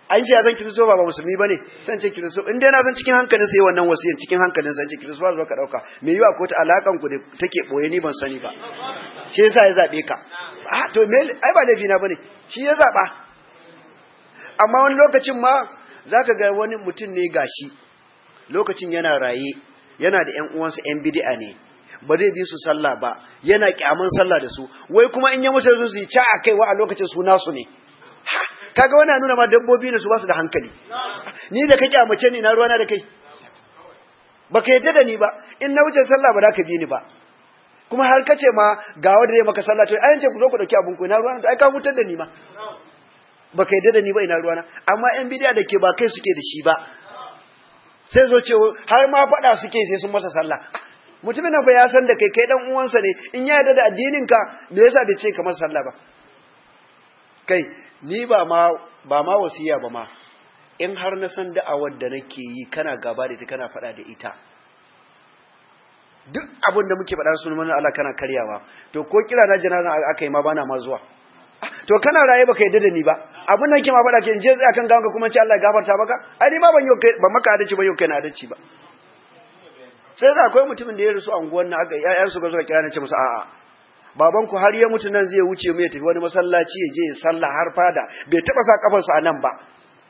an ce ya san kiristo ba musulmi ba ne san ce kiristo in yana san cikin hankalin sai wannan wasiyan cikin hankalin san ce kiristo ba ka dauka me yiwa ko ta alakan ku da take boye ni ban sani ba shi yasa ya zabe ka ah, to me ai ba laifi na ne shi ya zaba amma wani lokacin ma za ka ga wani mutum ne gashi lokacin yana raye yana da ‘yan uwansa ‘yan bidi'a ne ba zai bi su sallah ba yana kyaman sallah da su wai kuma in yi mutu su su yi ca a kai wa a lokacin su nasu ne kaga wani nuna ma dabbobi ne su ba su da hankali ni da ka kyamace ni na ruwana da kai ba ka yadda da ni ba in na wuce sallah ba za ka bi ni ba kuma har kace ma ga wanda ya maka sallah to ayyance ku zo ku dauki abin ku na ruwana to ai ka hutar da ni ma baka yarda da ni ba ina ruwana amma yan bidiya da ke ba kai suke da shi ba sai zo ce har ma faɗa suke sai sun masa sallah mutumin nan ba ya san da kai kai dan uwansa ne in ya yarda da addinin ka me yasa bai ce ka masa sallah ba kai ni ba ma ba ma wasiya ba ma in har na san da'awar da nake yi kana gaba da ita kana faɗa da ita duk abin da muke faɗa sunan Allah kana karyawa to ko kira na jana'a aka yi ma bana ma zuwa to kana raye baka yadda da ni ba abin nan ke ma faɗa ke in je tsaya kan gawanka kuma ce Allah ya gafarta maka ai ni ma ban yau ban maka adalci ba yau kai na adalci ba sai za akwai mutumin da ya rusu anguwan na aka yayar su ba suka kira na ce musu a'a baban ku har ya mutu nan zai wuce mu ya tafi wani masallaci ya je ya sallah har fada bai taba sa kafarsa a nan ba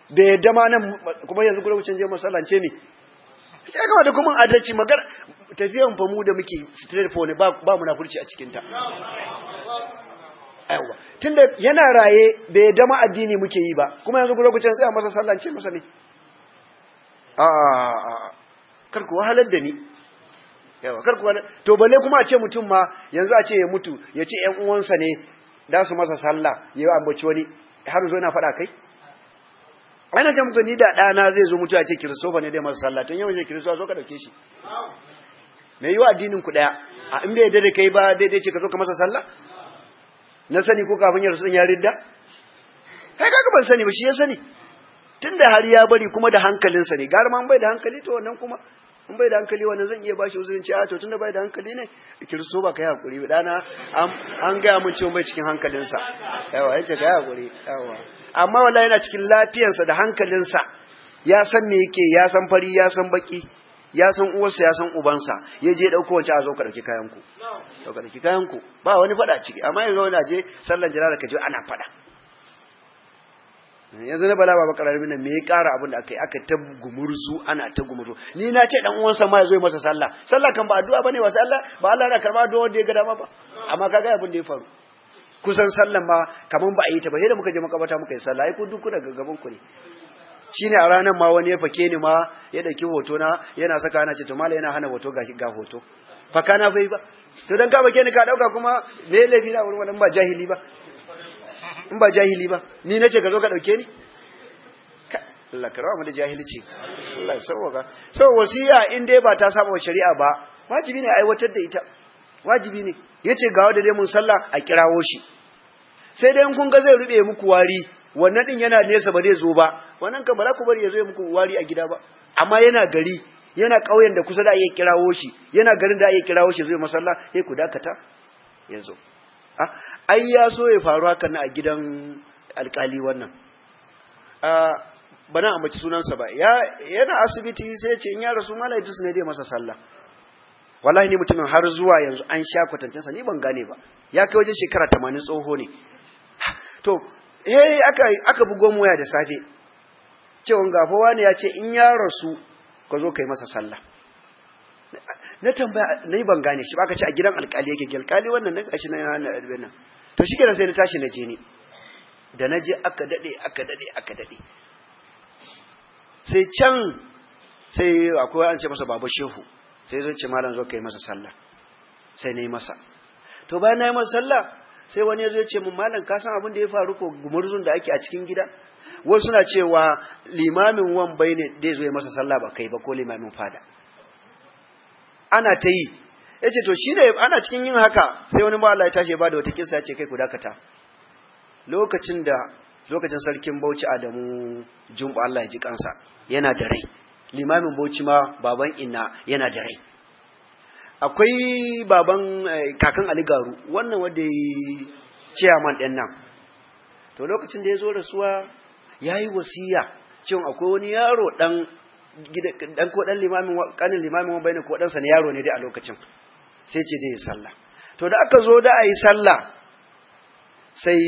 bai yadda ma nan kuma yanzu kuma wucin je masallance ne sai kama da kuma adalci magar tafiyan fa mu da muke straight phone ba ba munafurci a cikin ta aiwa tunda yana raye bai dama addini muke yi ba kuma yanzu lokacin a masa sallah ce masa ne a kar wahalar da ni yawa kar wahalar to balle kuma a ce mutum ma yanzu a ce ya mutu ya ce ƴan uwansa ne da su masa sallah ya ambaci wani har zo na faɗa kai ana ce muku ni da ɗana zai zo mutu a ce kirisofa ne dai masa sallah tun yau zai kirisofa zo ka ɗauke shi mai wa addinin ku ɗaya a in bai yadda da kai ba daidai ce ka zo ka masa sallah na sani ko kafin ya rasu ya ridda kai kaga ban sani ba shi ya sani tunda har ya bari kuma da hankalinsa ne gara ma bai da hankali to wannan kuma in bai da hankali wannan zan iya bashi uzurin cewa to tunda bai da hankali ne Kiristo ba kai hakuri ba dana an gaya mun cewa bai cikin hankalinsa yawa yace kai hakuri yawa amma wallahi yana cikin lafiyarsa da hankalinsa ya san me yake ya san fari ya san baki ya san uwarsa ya san ubansa ya je dauko wancan a zo ka dauki kayanku ku ka dauki kayanku ba wani fada ciki amma yanzu wani je sallan jira ka je ana fada yanzu na bala baba karamin nan me ya kara abin da aka yi aka ta gumurzu ana ta gumurzu ni na ce dan uwansa ma ya zo masa sallah sallah kan ba addu'a bane wa sallah ba Allah na karba addu'a wanda ya ga dama ba amma kaga abin da ya faru kusan sallan ma kaman ba a yi ta ba sai da muka je makabata muka yi sallah ai ku duk kuna gaban ku ne shine a ranar ma wani ya fake ni ma ya ɗauki hoto na yana saka ana ce to mala yana hana hoto ga ga hoto faka na bai ba to dan ka fake ni ka dauka kuma me lafi na wurin wannan ba jahili ba in ba jahili ba ni nace ka zo ka dauke ni Allah ka rawa mu da jahilci Allah ya so wasiya in dai ba ta saba shari'a ba wajibi ne aiwatar da ita wajibi ne yace ga wanda dai mun sallah a kirawo shi sai dai in kun ga zai rube muku wari wannan din yana nesa ba zai zo ba wannan kan ba za ku bari ya zo ya muku wari a gida ba amma yana gari yana ƙauyen da kusa da iya kirawo shi yana garin da iya kirawo shi zai masalla eh ku dakata ya zo ah, ai ya so ya faru haka na a gidan alkali wannan ah, bana a mace sunansa ba yana asibiti sai ce in ya rasu mala idris ne dai masa sallah wallahi ni mutumin har zuwa yanzu an sha kwatancinsa ni ban gane ba ya kai wajen shekara tamanin tsoho ne ah, to eh aka aka bugo mu waya da safe cewa gafawa ne ya ce in ya rasu ka zo yi masa sallah na tambaya na yi ban shi ba ka ce a gidan alkali yake alkali wannan na kashi na yana albina to shi kira sai na tashi na je ne da na je aka dade aka dade aka dade sai can sai akwai an ce masa babu shehu sai zai ce malam zo kai masa sallah sai na yi masa to bayan na yi masa sallah sai wani ya zo ya ce mun malam ka san abin da ya faru ko gumurzun da ake a cikin gida wasu na cewa limamin wan bai ne da zo masa sallah ba kai ba ko limamin fada ana ta yi yace to shi ne ana cikin yin haka sai wani ba Allah ya tashi ba da wata kissa yace kai ku dakata lokacin da lokacin sarkin Bauchi Adamu jumba Allah ya ji kansa yana da rai limamin Bauchi ma baban inna yana da rai akwai baban eh, kakan Ali Garu wannan wanda ya man ɗin nan to lokacin da ya zo rasuwa ya yi wasiya cewa akwai wani yaro ɗan dan ko dan limamin kanin limamin wani ko dan sa ne yaro ne dai a lokacin sai ce dai sallah to da aka zo da ayi sallah sai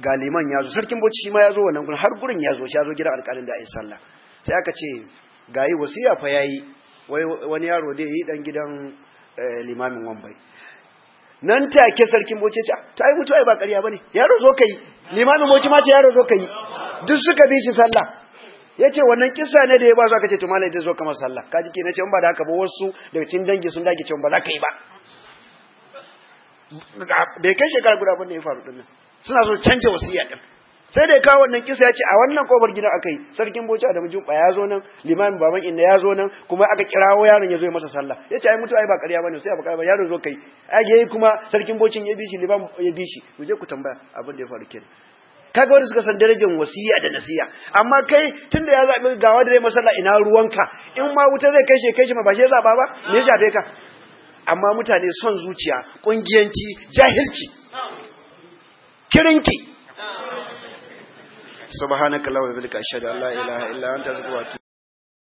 ga liman ya zo sarkin bocci shi ma ya zo wannan gurin har gurin ya zo shi ya zo gidan alƙalin da ayi sallah sai aka ce ga yi wasiya fa yayi wani yaro dai yi dan gidan eh, limamin wambai nan take sarkin bauchi ce ah, ta yi mutuwa ba ƙarya bane yaro zo kai limamin moci ma ce yaro zo ka yi duk suka bi shi sallah ya ce wannan kisa ne da ya ba zuwa ka ce tumala ita zo kamar sallah ka ji ke na ce ba da haka ba wasu daga cikin dangi sun dage cewa ba za ka yi ba bai kai shekara guda ba ne ya faru dinnan suna so canja wasiya din sai da ya kawo wannan kisa ya ce a wannan kofar gidan aka yi sarkin boci da mijin ya zo nan limamin baban inda ya zo nan kuma aka kirawo yaron ya zo ya masa sallah ya ce ai mutu ai ba ƙarya bane sai ba ba yaron zo kai ai yayi kuma sarkin bocin ya bi shi liman ya bi shi ku je ku tambaya abin da ya faru kenan kaga wani suka san darajar wasiya da nasiya amma kai tunda ya zabi gawa da ya masallah ina ruwanka in ma wuta zai kai shi kai shi ma ba shi zaba ba me ya shafe ka amma mutane son zuciya kungiyanci jahilci kirinki subhanaka la wa bihamdika ashhadu an la ilaha illa anta astaghfiruka